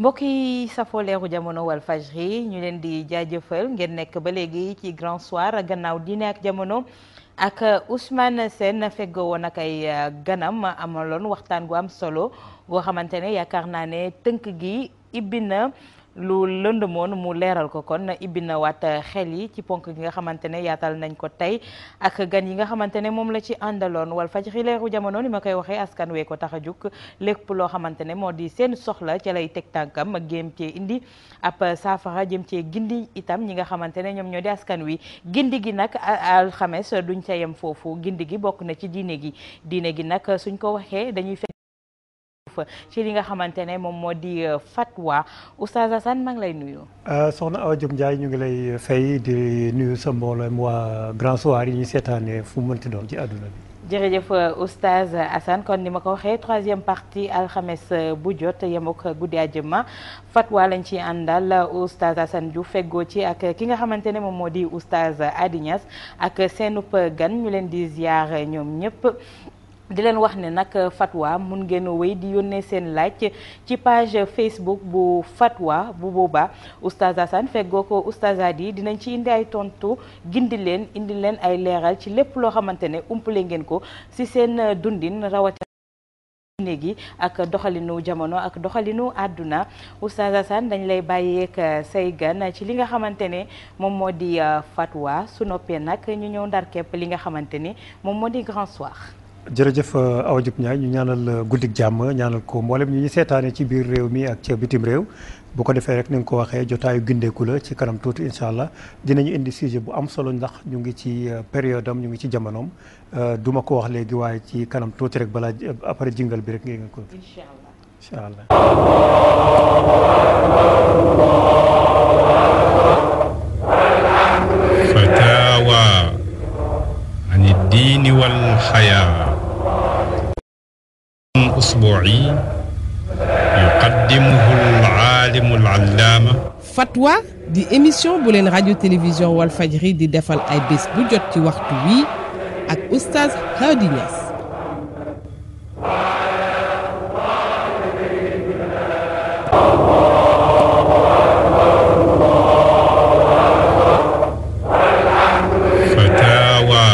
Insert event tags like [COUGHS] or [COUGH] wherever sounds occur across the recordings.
mbokk yi safoo leeru jamono Walfadjri ñu leen di jaajëfal ngeen nekk ba léegi ci grand soir gannaaw diine ak jamono ak uh, Ousmane Sène fego woon ak ay uh, ganam amaloon waxtaan gu am solo boo xamante ne yaakaar naa ne tënk gi ibbi na lu lëndëmoon mu leeral ko kon ibbi na waat xel yi ci ponk gi nga xamante ne yaatal nañ ko tey ak gan yi nga xamante ne moom la ci àndaloon wal fajri leeru jamono ni ma koy waxee askan wee ko tax a jug lépp loo xamante ne moo di seen soxla ca lay teg tànkam géem cee indi ab saafara jëm cee gindi itam ñi nga xamante ne ñoom ñoo di askan wi gindi gi nag alxames duñ ca yem foofu gindi gi bokk na ci diine gi diine gi nag suñ ko waxee dañuy ci li nga xamante ne moom moo di euh, fatwa Oustaz Assane maa ngi lay nuyu. Euh, soxna Awa Diop Ndiaye ñu ngi lay fay di nuyu sa mboolem waa Grand Soir yi ñu seetaanee fu mu mënti doon ci àdduna bi. jërëjëf euh, oustaz Assane kon ni ma ko waxee troisième parti alxemes bu jot yem ak guddi àjjuma fatwa lañ ci àndal oustaz Assane Diouf feggoo ci ak ki nga xamante ne moom moo di oustaz Adi Niass ak seenub gan ñu leen di ziar ñoom ñëpp. di leen wax ne nag euh, fatwa mun ngeen a wéy di yónnee seen laaj ci page Facebook bu fatwa bu boobaa oustaz Assane feggoo ko oustaz Hady dinañ ci indi ay tontu gindi leen indi leen ay leeral ci lépp loo xamante ne umpale ngeen ko si seen euh, dundin rawatina. gi ak doxalinu jamono ak doxalinu àdduna Oustaz Assane dañ lay bàyyeek euh, say gan ci li nga xamante ne moom moo di fatwa su noppee nag ñu ñëw ndar képp li nga xamante ni moom moo di grand soir jërëjëf euh, Awa Diop Ndiaye ñu ñaanal euh, guddik jàmm ñaanal ko mboolem ñu ñu seetaanee ci biir réew mi ak ci bitim réew bu ko defee rek ni nga ko waxee jotaayu gindeeku la ci kanam tuuti incha allah dinañu indi sujet bu am solo ndax ñu ngi ci euh, période ñu ngi ci jamonoom duma ko wax léegi waaye ci kanam tuuti rek balaa après jingal bi rek ngeen ko. incha allah incha allah. xayaa الأسبوعي Fatwa di émission bu leen radio télévision Walfadjri di defal ay bés bu jot ci waxtu wi ak oustaz Hady Niass fataawa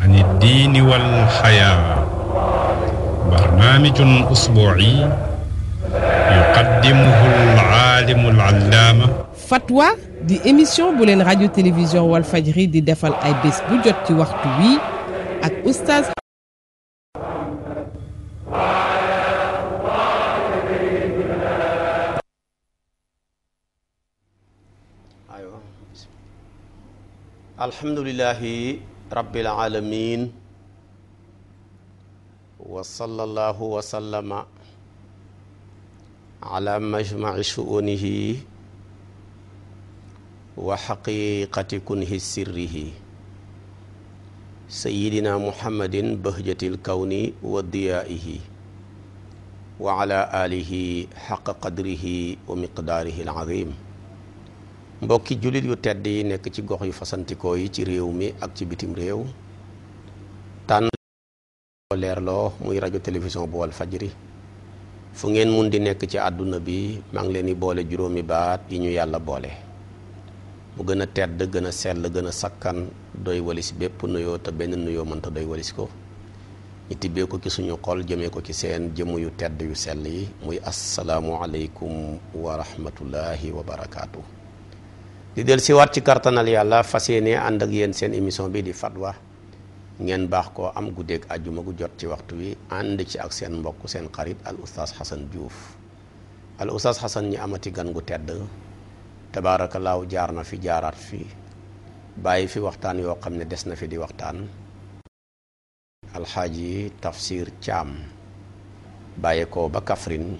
ani diini wal xayaa برنامج أسبوعي يقدمه العالم العلامة Fatwa di émission bu leen radio télévision Walfadjri di defal ay bés bu jot ci waxtu wi ak oustaz alhamdulilahi rabbil alamin wa sallallahu wa sallama ala majmaci shuunihi wa xaqiqati kunhi sirrihi sayidina muhammadin bahjatil kawni wa diyaa'ihi wa ala alihi xaqa qadrihi wa miqdaarihi alazim mbokki jullit yu tedd yi nekk ci gox yu fasantikoo yi ci réew mi ak ci bitim réew tànn loo muy rajo télévision bool wal fajri fu ngeen mun di nekk ci àdduna bi maa ngi leen di boole juróomi baat yi ñu yàlla boole mu gën a tedd gën a sell gën a sakkan doy walis bépp nuyoo te benn nuyoo mënta doy walis ko ñu tibbee ko ci suñu xol jëmee ko ci seen jëmm yu tedd yu sell yi muy asalaamualeykum wa rahmatullahi wa barakaatu. di del siwaat ci kartanal yàlla fas yéene ànd ak yéen seen émission bi di fatwa ngeen baax koo am guddeeg àjjuma gu jot ci waxtu wi ànd ci ak seen mbokk seen xarit al oustaz Xasan Diouf al oustaz Xasan ñi amati gan gu tedd tabaarakallaahu jaar na fi jaaraat fi bàyyi fi waxtaan yoo xam ne des na fi di waxtaan alxaaji tafsir caam bàyyi ko ba Kaffrine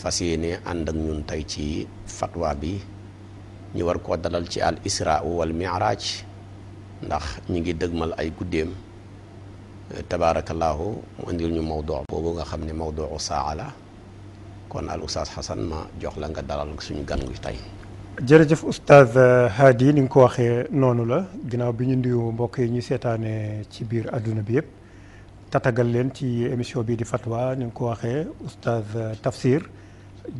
fas yéene ànd ak ñun tey ci fatwa bi ñu war koo dalal ci al israa wal miraaj ndax ñu ngi dëgmal ay guddeem tabaarakallaahu mu indil ñu mawdoo boobu nga xam ni mawdoo saa kon al oustaz Xasan ma jox la nga dalal suñu gan gu tey. jërëjëf oustaz Hadi ni nga ko waxee noonu la ginnaaw bi ñu mbokk yi ñu seetaanee ci biir àdduna bi yëpp tatagal leen ci émission bii di fatwa ni nga ko waxee oustaz Tafsir.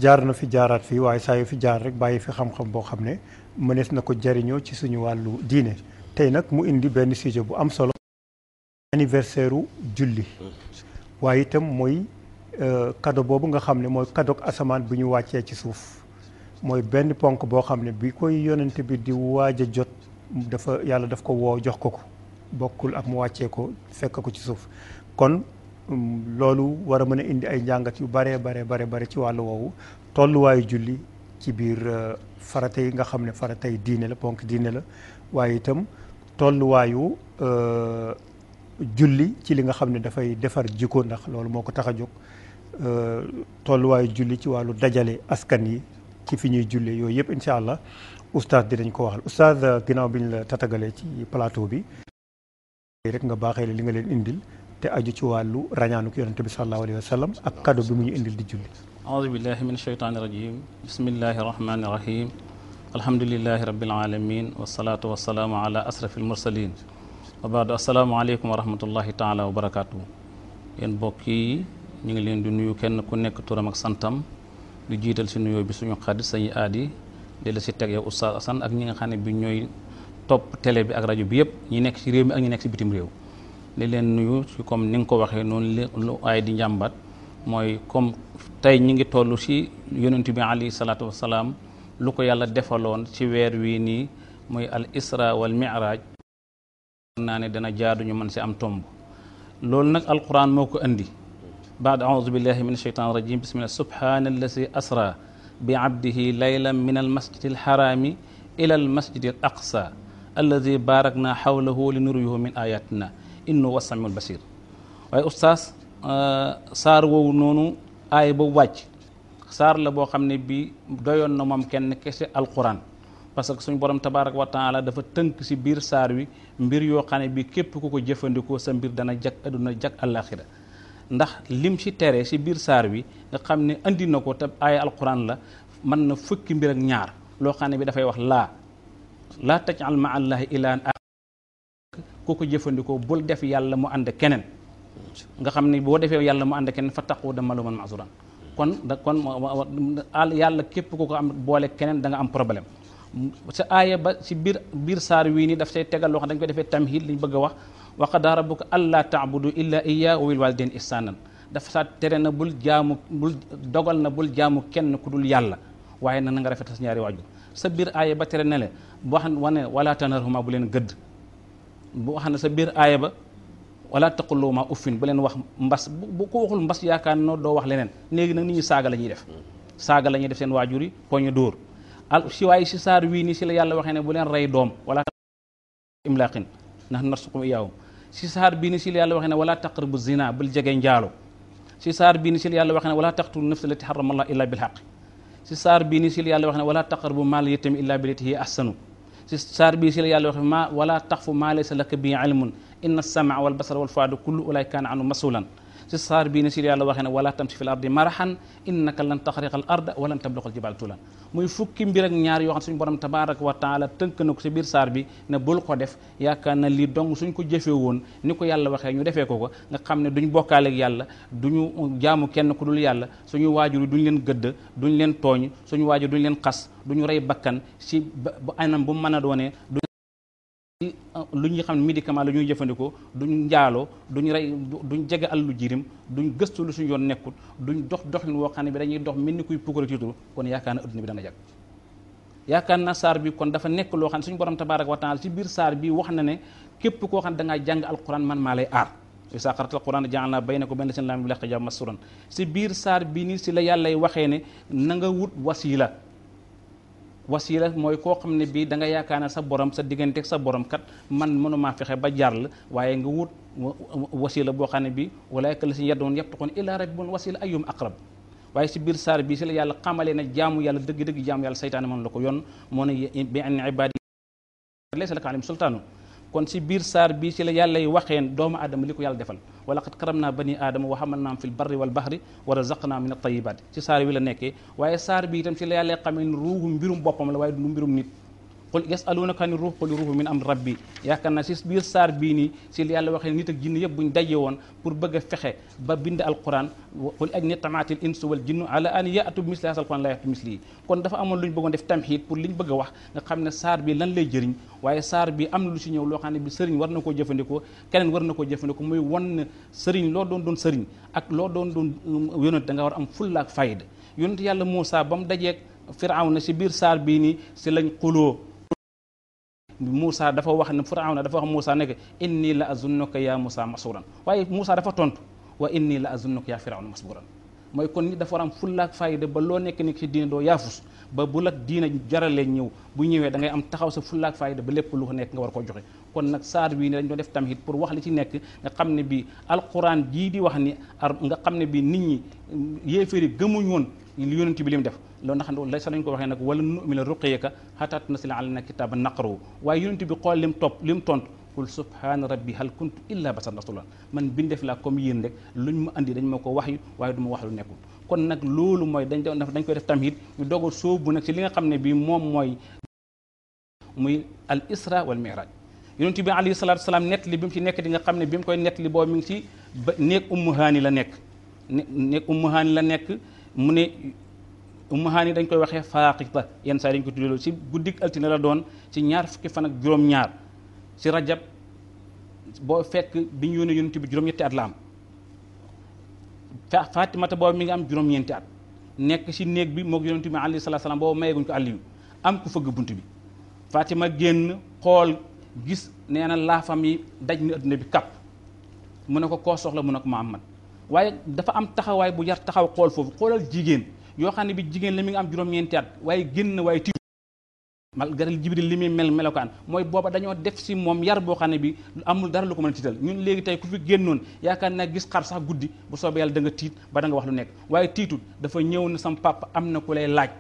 jaar na fi jaaraat fii waaye saa yu fi jaar rek bàyyi fi xam-xam boo xam ne mënees na ko jariñoo ci suñu wàllu diine tey nag mu indi benn sujet bu am solo anniversaire u julli waaye itam mooy kado euh, boobu nga xam ne mooy kado asamaan bu ñu wàccee ci suuf mooy benn ponk boo xam ne bi koy yonent bi di waaj a jot dafa yàlla daf ko woo jox ko ko bokkul ak mu wàccee ko fekk ko ci suuf kon um, loolu war a mën a indi ay njàngat yu bare bare bare bare ci wàllu woowu tolluwaayu julli ci biir euh, farata yi nga xam ne faratay diine la ponk diine la waaye itam tolluwaayu euh, julli ci li nga xam ne dafay defar jikko ndax loolu moo ko tax a jóg euh, tolluwaayu julli ci wàllu dajale askan yi ci fi ñuy jullee yooyu yëpp incha allah oustaz dinañ ko waxal oustaz ginnaaw bi ñu la tatagalee ci plateau bi rek nga baaxee li nga leen indil te aju ci wàllu rañaanuk yonente bi sallallahu alayhi wa sallam ak kado bi mu ñu indil di julli أعوذ بالله من الشيطان الرجيم بسم الله الرحمن الرحيم الحمد لله رب العالمين والصلاة والسلام على أسرف المرسلين وبعد السلام عليكم ورحمة الله تعالى وبركاته yi ñu ngi leen di nuyu kenn ku nekk turam ak santam di jiital si nuyoo bi suñu xarit sañu aadi di si teg yow Oustaz ak ñi nga xam ne bi ñooy topp télé bi ak rajo bi yëpp ñi nekk ci réew mi ak ñi nekk si bitim réew di leen nuyu ci comme ni nga ko waxee noonu lu aay di njàmbat mooy comme tey ñi ngi toll ci yonent bi alayhi salaatu wasalaam lu ko yàlla defaloon ci weer wii nii mooy al isra wal miraaj naa ne dana jaadu ñu mën ci am tomb loolu nag alquran moo ko indi baad aoudu billahi min asheytan rajim bismillah subhaana allazi asra bi abdihi laylan min al masjid al harami ila al masjid al aqsa allazi barakna xawlahu li nuriyahu min ayatina innu wasamiul basir waaye ustaas Euh, saar woowu noonu aay ba wàcc saar la boo xam ne bi doyoon na moom kenn kese alquran parce que suñ borom tabaaraka wa taala dafa tënk si biir saar wi mbir yoo xam ne bi képp ku ko jëfandikoo sa mbir dana jag adduna jag àllaaxira ndax lim ci tere si biir saar wi nga xam ne indi na ko te aay alquran la mën na fukki mbir ak ñaar loo xam ne bi dafay wax laa laa tajal ma allahi ilaan ku ko jëfandikoo bul def yàlla mu ànd keneen nga xam ni boo defee yàlla mu ànd kenn fa taqu dama lu man masuran kon da kon yàlla képp ku ko am boole keneen da am problème sa aaya ba si biir biir saar wii nii daf sa tegal loo xam dañ koy defee tamhid liñ bëgg a wax wa qadaa rabbuka allaa taabudu illa iyyaahu wa bil waalidayni ihsaanan dafa sa tere na bul jaamu bul dogal na bul jaamu kenn ku dul yàlla waaye na nga rafetal sa ñaari waajur sa biir aaya ba tere na le boo xam ne wala tanharhumaa bu leen gëdd boo xam ne sa biir aaya ba wala taqulu ma uffin bu leen wax mbas bu ko waxul mbas yaakaar noo doo wax leneen léegi nag nit ñi saaga la ñuy def saaga la ñuy def seen waajur yi poñu dóor al si waaye si saar wii nii si la yàlla waxee ne bu leen rey doom wala imlaqin ndax narsuqum iyaawum si saar bii ni si la yàlla ne wala taqrabu zina bul jege njaalo si saar bii ni si la yàlla waxee ne wala taqtulu nafsa allati harrama allah illa bilhaq si saar bii ni si la yàlla waxee ne wala taqrabu mal yatami illa billati hiya si saar bii si la yàlla waxe ma wala taxfu maa laysa laka bi ilmun inna samaa wal basara wal fuaada kullu ulay kaana anu masulan si saar bi ne si yàlla waxee ne wala tamsi fil ardi marahan innaka lan taxriqa al arda walan tabluqa al jibal tulan muy fukki mbir ak ñaar yoo xam suñu borom tabaraka wa taala tënk na ko si biir saar bi ne bul ko def yaakaar na lii dong suñ ko jëfee woon ni ko yàlla waxee ñu defee ko ko nga xam ne duñ bokkaale ak yàlla duñu jaamu kenn ku dul yàlla suñu waajur yi duñ leen gëdd duñu leen tooñ suñu waajur duñ leen xas duñu rey bakkan si ba anam bu mën a doonee Euh, lu ñuy xam ne médicament la ñuy jëfandikoo duñ njaaloo duñ rey duñ jege àllu jirim duñ gëstu lu suñu yoon nekkul duñ dox doxin woo xam ne bi dañuy dox mel ni kuy pukkale tiituru kon yaakaar na adduna bi dana jag yaakaar na saar bi kon dafa nekk loo xam ne suñu borom tabaraka wa taala ci biir saar bi wax na ne képp koo xam ne da ngaa jàng alquran man maa lay aar isaa xaratal quran ja'alna baynaka wa bayna seen laam bi laqi jaa masuran si biir saar bi nii si la yàllay waxee ne na nga wut wasila wasiila mooy koo xam ne bii da nga yaakaar ne sa borom sa diggante ak sa borom kat man mënumaa fexe ba jaar la waaye nga wut wasiila boo xam ne bii walaayka la si yeddoon yëpp taxoon illaa rabbun wasiila ayyum aqrab waaye si biir saar bii si la yàlla xamalee na jaamu yàlla dëgg-dëgg jaamu yàlla saytaane moom la ko yoon moo ne bi an ibaadi laysa laka alayhim sultaanu kon si biir saar bi ci la yàlla y waxeen doomu aadama li ko yàlla defal wa laqad karam naa bani aadama wa xamal naam fil barri wal bahri wa razaqnaa min at tayibaat ci saar wi la nekke waaye saar bi itam ci la yàlla xamee ne ruuhu mbirum boppam la waaye du mbirum nit qul yasalunaka ani ruux qul ruuhu min am rabbi yaakaar naa si biir saar bii nii si li yàlla waxee woon a fexe ba bind alquran qul ajni tamaatil insu wal jinnu ala an yaatu misli hasal quran wax xam ne saar bi lay jëriñ waaye saar am na lu si ñëw loo xam ne bi sëriñ war na koo jëfandikoo keneen war na koo jëfandikoo muy wan sëriñ loo doon doon sëriñ ak loo doon doon yonent da nga war am fulla ak fayda yonent yàlla Muusaa ba mu dajeeg Firawna si biir saar bii nii si lañ xuloo Moussa dafa wax ne Firawna dafa wax Moussa nekk inni la azunnuka yaa Moussa masuran waaye Moussa dafa tontu wa inni la azunnuka yaa Firawna masburan mooy kon nit dafa war am fullaak fayda ba loo nekk nekk ci diine doo yaafus ba bu la diine jaralee ñëw bu ñëwee da am taxaw sa fullaak fayda ba lépp lu ko nekk nga war koo joxe kon nag saar bii ne dañ doon def tamit pour wax li ci nekk nga xam ne bi alquran jii di wax ni ar nga xam ne bi nit ñi yéeféeri gëmuñ woon li yonent bi li mu def loolu ndax lay sax lañ ko waxee nag wala numina ruqiyaka hatta tunzila alayna kitaaban naqrahu waaye yonent bi xool lim topp lim tontu qul subhaana rabbi hal kuntu illa basaran rasulan man bi bindef laa comme yéen rek luñ ma indi dañ ma ko wax yu waaye du ma wax lu nekkul kon nag loolu mooy dañ doon def dañ koy def tamit ñu dogal bu nag ci li nga xam ne bii moom mooy muy al isra wal miraj yonent bi alayhi salatu wasalaam nett li bi mu ci nekk di nga xam ne bi mu koy nett li boobu mi ngi ci ba néeg ummu haani la nekk néeg ummu haani la nekk mu ne ummahaan yi dañ koy waxee faaqita yenn saa dañ ko tuddee loolu si guddik altine la doon ci ñaar fukki fan ak juróom-ñaar si rajab boo fekk bi ñu yónnee yonent bi juróom-ñetti at la am Faatimata boobu mi ngi am juróom-ñeenti at nekk ci néeg bi moog yonent bi alayhi salaatu salaam boobu mayeguñ ko Aliyu am ku fëgg bunt bi Fatima génn xool gis nee na laafam yi daj na adduna bi kàpp mu ne ko koo soxla mu ne ko Muhammad waaye dafa am taxawaay bu yar taxaw xool foofu jigéen yoo xam ne bi jigéen la mi ngi am juróom-ñeenti at waaye génn waaye tiit malgré jibril li muy mel melokaan mooy booba dañoo def si moom yar boo xam ne bi amul dara lu ko mën a tiital ñun léegi tey ku fi génnoon yaakaar naa gis xar sax guddi bu soobee yàlla da nga tiit ba da wax lu nekk waaye tiitut dafa ñëw na sama papa am na ku lay laaj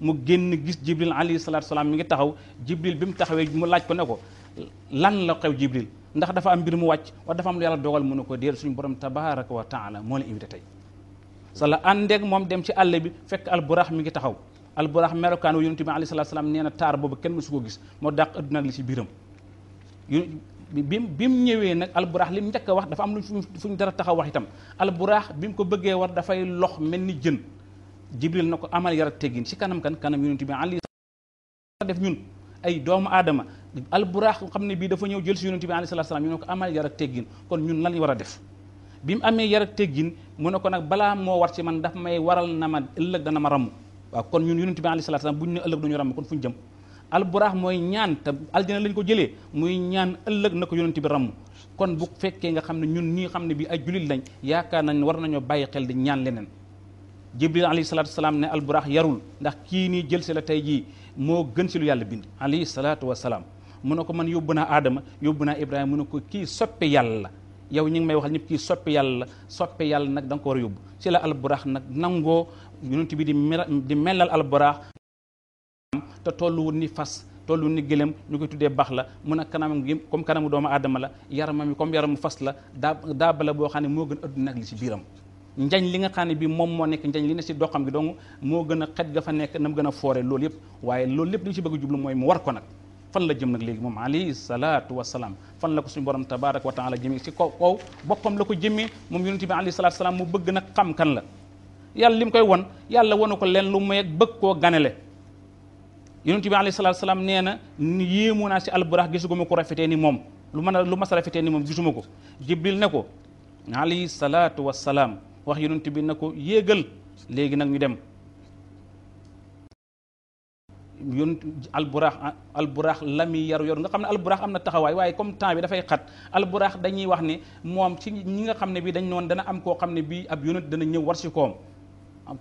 mu génn gis jibril alayhi salaatu salaam mi ngi taxaw jibril bi mu taxawee mu laaj ko ne ko lan la xew jibril ndax dafa am mbir mu wàcc wala dafa am lu yàlla dogal mu ko déer suñu borom tabaraka wa taala moo la invité tey sala àndeek moom dem ci àll bi fekk alburax mi ngi taxaw alburax melokaan wu yonent bi alayhi salaatu salaam nee na taar boobu kenn mësu ko gis moo dàq adduna ak li ci biiram bi bi mu ñëwee nag alburax li mu njëkk a wax dafa am lu fu ñu dara taxaw wax itam alburax bi mu ko bëggee war dafay lox mel ni jën jibril na ko amal yar teggin ci kanam kan kanam yu yonent bi alayhi def ñun ay doomu aadama alburax xam ne bii dafa ñëw jël si yonent bi alayhi salaatu salaam ñu ne ko amal teggin kon ñun lan war a def bi mu amee yar ak teggin mu ne ko nag balaa moo war ci man daf may waral na ma ëllëg dana ma ramm waaw kon ñun yonent bi alayhi salaatu salaam bu ñu ne ëllëg duñu ramm kon fu ñu jëm alburaax mooy ñaan te aljana lañ ko jëlee muy ñaan ëllëg na ko yonent bi ramm kon bu fekkee nga xam ne ñun ñii xam ne bi ay julit lañ yaakaar nañ war nañoo bàyyi xel di ñaan leneen jibril alayhi salaatu wasalaam ne alburaax yarul ndax kii nii jël si la tey jii moo gën si yàlla bind alayhi salaatu wasalaam mu ne ko man yóbbu naa aadama yóbbu naa ibrahima mu ne ko kii soppe yàlla yow ñi ngi may waxal ñëpp kii soppe yàlla la soppe yàlla nag da nga ko war a yóbbu ci la alburaax nag nangoo yonent bi di di melal alburaax te tolluwu ni fas tollu ni gëlëm ñu koy tuddee baax la mun a kanam gi comme kanamu doomu aadama la yaramam yi comme yaramu fas la daa daaba la boo xam ne moo gën adduna nag li ci biiram njañ li nga xam ne bi moom moo nekk njañ li ne ci doxam gi donc moo gën a xet ga fa nekk na mu gën a foore loolu yëpp waaye loolu lépp li ci bëgg jublu mooy mu war ko nag fan la jëm nag léegi moom alayhi salaatu wasalaam fan la ko suñu borom tabaraka wa taala jëmee si kaw kaw boppam la ko jëmee moom yonent bi alayhi salaatu wasalaam bëgg nag xam la yàlla li mu koy won yàlla wonu ko leen lu meeg bëgg koo ganale yonent bi alayhi salaatu wasalaam nee na yéemu naa ci alburax gisuguma ko rafetee ni moom lu man a lu mas a rafetee ni moom gisuma ko jibril ne ko alayhi salaatu salaam wax yonent bi na ko yéegal léegi nag ñu dem yoon alburaax alburaax la muy yaru yor nga xam ne alburaax am na taxawaay waaye comme temps bi dafay xat alburaax dañuy wax ne moom ci ñi nga xam ne bii dañ noon dana am koo xam ne bii ab yonent dana ñëw war si koom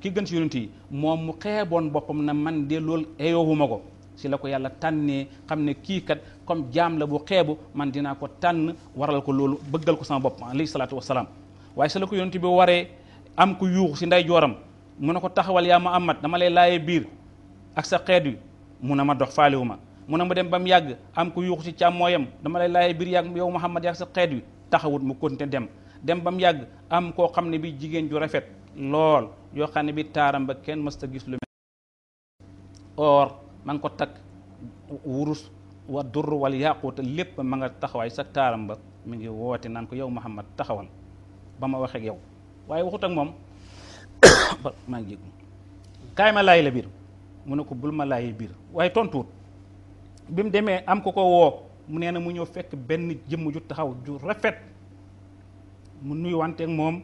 kii gën si yonent yi moom mu xeeboon boppam na man de loolu eyoowuma ko si la ko yàlla tànnee xam ne kii kat comme jaam la bu xeebu man dinaa ko tànn waral ko loolu bëggal ko sama bopp alayhi salaatu wasalaam waaye si la ko yonent bi waree am ku yuuxu si nday jooram ne ko taxawal yaa ma amat dama lay laaye biir ak sa xeet wi mun ne ma dox faaliwu ma mu ne mu dem ba mu yàgg am ku yuuxu ci càmmooyam dama lay laayee biir yàgg yow Muhammad yàgg sa xeet wi taxawut mu konte dem dem ba mu yàgg am koo xam ne bi jigéen ju rafet lool yoo xam ne bi taaram ba kenn mësta gis lu or ma nga ko takk wurus wa dur wal yaquuta lépp ma nga taxawaay sa taaram ba mi ngi woote naan ko yow Muhammad taxawal ba ma waxee ak yow waaye waxut ak moom [COUGHS] maa ngi kaay ma laay la biir mu ne ko bul ma laayee biir waaye tontuwut bi mu demee am ko ko woo mu nee na mu ñëw fekk benn jëmm ju taxaw ju rafet mu nuyuwanteeg moom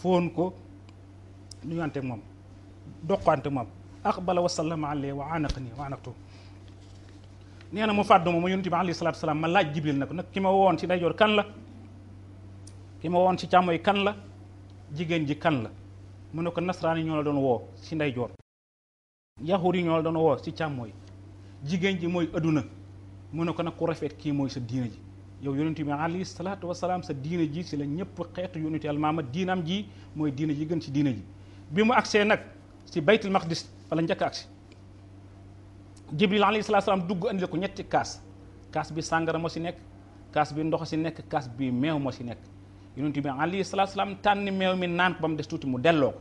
fóon ko nuyuwanteeg moom doqante moom aqbala wa sallama alayhi wa anaqni wa anaqtu nee na mu fàddu ma mu yonent bi alayhi salaatu salaam ma laaj jibril na ko nag ki ma woon ci ndeyjoor kan la ki ma woon ci càmmooy kan la jigéen ji kan la mu ne ko nasraani ñoo la doon woo ci ndeyjoor yaxuur yi ñoo la doon woo ci càmmooy jigéen ji mooy adduna mu ne ko nag ku rafet kii mooy sa diina ji yow yonent bi alayhi salaatu salaam sa diina ji ci la ñëpp xeetu yonent almaama diinam ji mooy diina ji gën ci diina ji bi mu agsee nag si baytul maqdis fa la njëkk a agsi jibril alayhi salaatu wasalaam dugg andil ko ñetti kaas kaas bi sàngara moo ci nekk kaas bi ndox si nekk kaas bi meew moo ci nekk yonent bi alayhi salaatu wasalaam tànn meew mi naan ko ba mu des tuuti mu delloo ko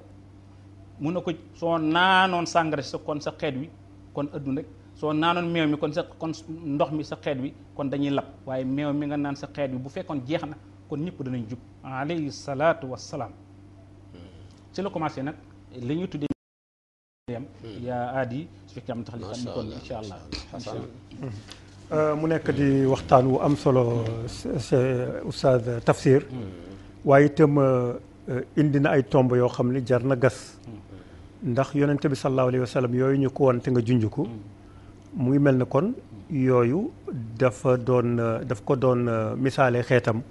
mun ne ko soo naanoon sàngara si kon sa xeet wi kon ëddun nag soo naanoon meew mi kon sa kon ndox mi sa xeet wi kon dañuy lab waaye meew mi nga naan sa xeet wi bu fekkoon jeex na kon ñëpp danañ jub alayhi salaatu salaam ci la commencé nag li ñu tuddee yaa hmm. aadi su fekkee am tax li xam ni kon insha hmm. euh, mu nekk di waxtaan wu am solo oustaz hmm. waaye itam euh, indi na ay tomb yoo xam ne jar na gas ndax yonente bi sallallahu alayhi wa yooyu ñu ko woon te nga junj ko mu ngi mel ne kon yooyu dafa doon daf ko doon euh, misaale xeetam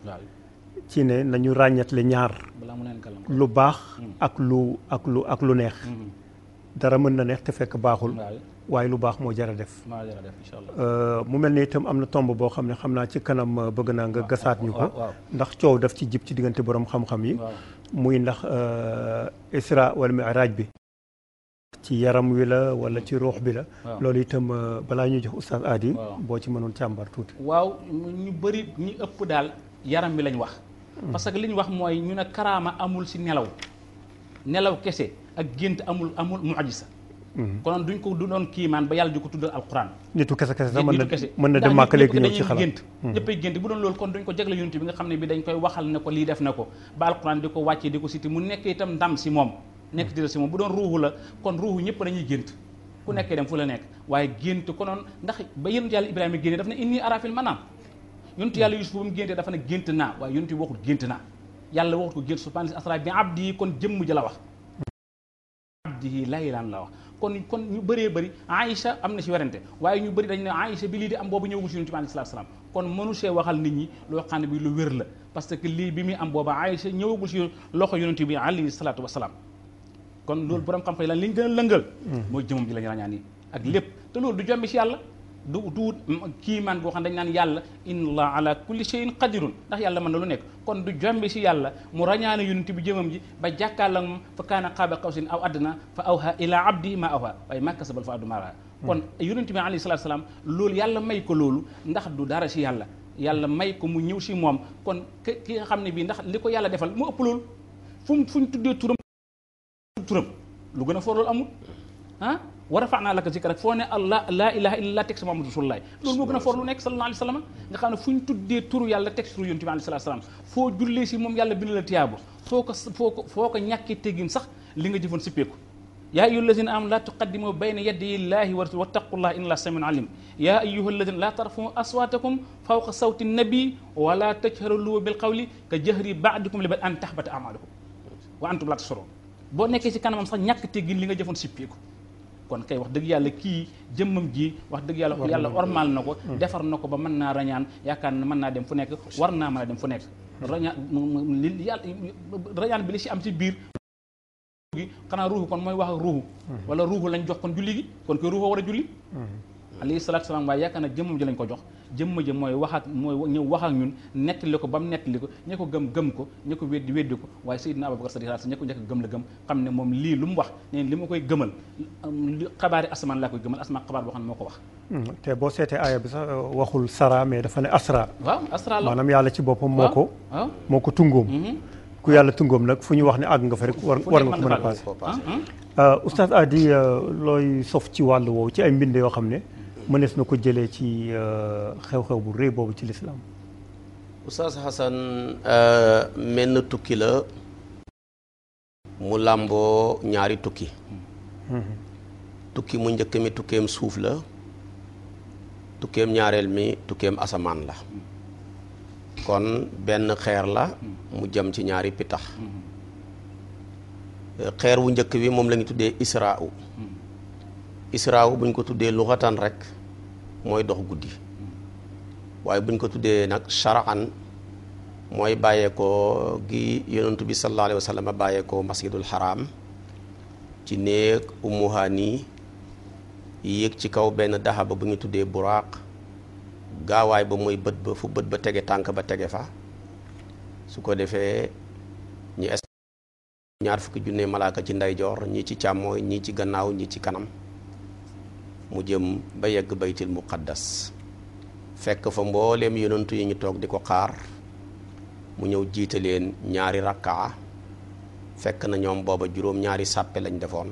ci ne nañu ràññatle ñaar lu baax hmm. ak lu ak lu ak lu neex hmm. dara mën na neex te fekk baaxul waaye lu baax moo jar a def euh, mu mel ne itam am na tomb boo xam ne xam naa ci kanam euh, bëgg naa nga gasaat ñu ko ndax coow daf ci jib ci diggante boroom xam-xam yi muy ndax isra wala miraaj bi ci yaram wi la wala ci ruux bi la. loolu itam euh, balaa ñuy jox oustaz Adi. boo ci mënoon càmbar tuuti. waaw ñu bëri ñu ëpp daal yaram bi lañ wax. Hmm. parce que li ñu wax mooy ñu ne karaama amul si nelaw nelaw kese ak gént amul amul mucjisa. Hmm. konoon duñ ko du doon kiimaan ba yàlla di ko tuddal alquran. nitu kese kese sax mën na mën dem màkk léegi ñëw ci xalaat gént hmm. ñëppay gént bu doon loolu kon duñ ko jagle yonent bi nga xam ne bi dañ koy waxal ne ko lii def na ko ko wàccee di ko siti mu nekk itam ndam si moom nekk di si moom bu doon ruuxu la kon ruuxu ñëpp dañuy gént ku hmm. nekkee dem fu la nekk waaye gént konoon ndax ba yonent yàlla ibrahima génte daf ne inni arafil manaam yonent yàlla yusuf ba mu géntee dafa ne gént naa waaye yonent yi waxut gént naa yàlla waxut ko gént subhaana si asra bi abdi yi kon jëmm ji la wax abdihi laylan la wax kon kon ñu bëree bëri aïcha am na si werante waaye ñu bëri dañ ne aïcha bi lii di am boobu ñëwagul si yonent bi kon mënu see waxal nit ñi loo xam ne bi lu wér la parce que lii bi muy am booba aïcha ñëwagul si loxo yonent bi alayhi salaatu wasalaam kon loolu borom xam-xam yi lan gën a lëngal mooy jëmum ji la ñu ràññaan nii ak lépp te loolu du jombi si yàlla du du kiimaan boo xam dañ naan yàlla inna allah ala kulli shay'in qadirun ndax yàlla mën na lu nekk kon du jombi si yàlla mu ràñaane yonent bi jëmam ji ba jàkkaarloo moom fa kaana si qawsin aw adna fa awha ila abdihi ma awha waaye ma kasabal fa addu mara kon yonent bi alayhi salatu salaam loolu yàlla may ko loolu ndax du dara si yàlla yàlla may ko mu ñëw si moom kon ki nga xam ne bii ndax li ko yàlla defal mu turam lu gën a foor loolu amul ah wa rafa'naa laka zikrak foo ne allah laa ilaha illallah teg sa Muhammadu Rasulullah loolu moo gën a foor lu nekk sallallahu alayhi wa sallam nga xam ne fu ñu tuddee turu yàlla teg turu yonent bi alayhi salaam foo jullee si moom yàlla bind la tiyaabo foo ko foo ko foo ko ñàkkee teggin sax li nga jëfoon sippeeku yaa ayyuha alladina amanu laa tuqaddimu bayna yadayi llahi wa rasulihi wattaqullaha inna llaha samiun alim yaa ayyuha alladina laa tarfau aswatakum fawqa sawti nabi wala tajharu lahu bilqawli ka jahri ba'dikum li ba'din an tahbata a'malukum wa antum laa tash'urun boo nekkee ci kanamam sax ñàkk teggin li nga jëfoon sippiku kon kay wax dëgg yàlla kii jëmmam ji wax dëgg yàlla yàlla ormal na ko mm. defar na ko ba mën naa rañaan yaakaar na mën naa dem fu nekk war naa mën a dem fu nekk rañaan li yàlla rañaan bi li si am ci biir gi xanaa ruuxu kon mooy wax ak ruuxu mm. wala ruuxu lañ jox kon julli gi kon koy ruuxu war a julli mm. alayhi salaatu salaam waaye yaakaar na jëmm ji lañ ko jox jëmm ji mooy wax ak mooy ñëw wax ak ñun nettali ko ba mu nettali ko ñi ko gëm gëm ko ñi ko weddi weddi ko waaye Seydina Abubakar Sadiq si ñi ko njëkk gëm la gëm xam ne moom lii lu mu wax li ma koy gëmal xabaari asamaan laa koy gëmal asamaan xabaar boo xam ne moo ko wax hmm, te boo seetee aaya bi sax euh, waxul sara dafa ne asra waaw asra la maanaam yàlla ci boppam moo ko moo ko tungoom hmm. ku yàlla tungoom nag fu ñu wax ne àgg nga fa rek war nga ko mën a passé hmm, euh, oustaz Adi euh, looy sof ci wàll woowu ci ay mbind yoo xam ne mënees na ko jëlee ci euh, xew-xew bu rëy boobu ci lislaam Oustaz Assane euh, menn tukki la mu làmboo ñaari tukki mhm. tukki mu njëkk mi tukkeem suuf la tukkeem ñaareel mi tukkeem asamaan la kon benn xeer la mu jëm ci ñaari pitax mhm. euh, xeer wu njëkk bi moom la tuddee israa'u mhm. israaw buñ ko tuddee luxatan rek mooy dox guddi waaye buñ ko tuddee nag sharaan mooy bàyyeekoo gi yonentu bi sallallahu alayhi wa sallam bàyyeekoo masjidul haram ci néeg Ummu Hani yéeg ci kaw benn daxa ba bu ñu tuddee buraaq gaawaay ba mooy bët ba fu bët ba tege tànk ba tege fa su ko defee ñu ñaar fukki junnee malaaka ci ndeyjoor ñi ci càmmooy ñi ci gannaaw ñi ci kanam mu jëm ba yegg baytil muqaddas fekk fa mbooleem yonantu yi ñu toog di ko xaar mu ñëw jiite leen ñaari rakkaa fekk na ñoom booba juróom ñaari sàppe lañ defoon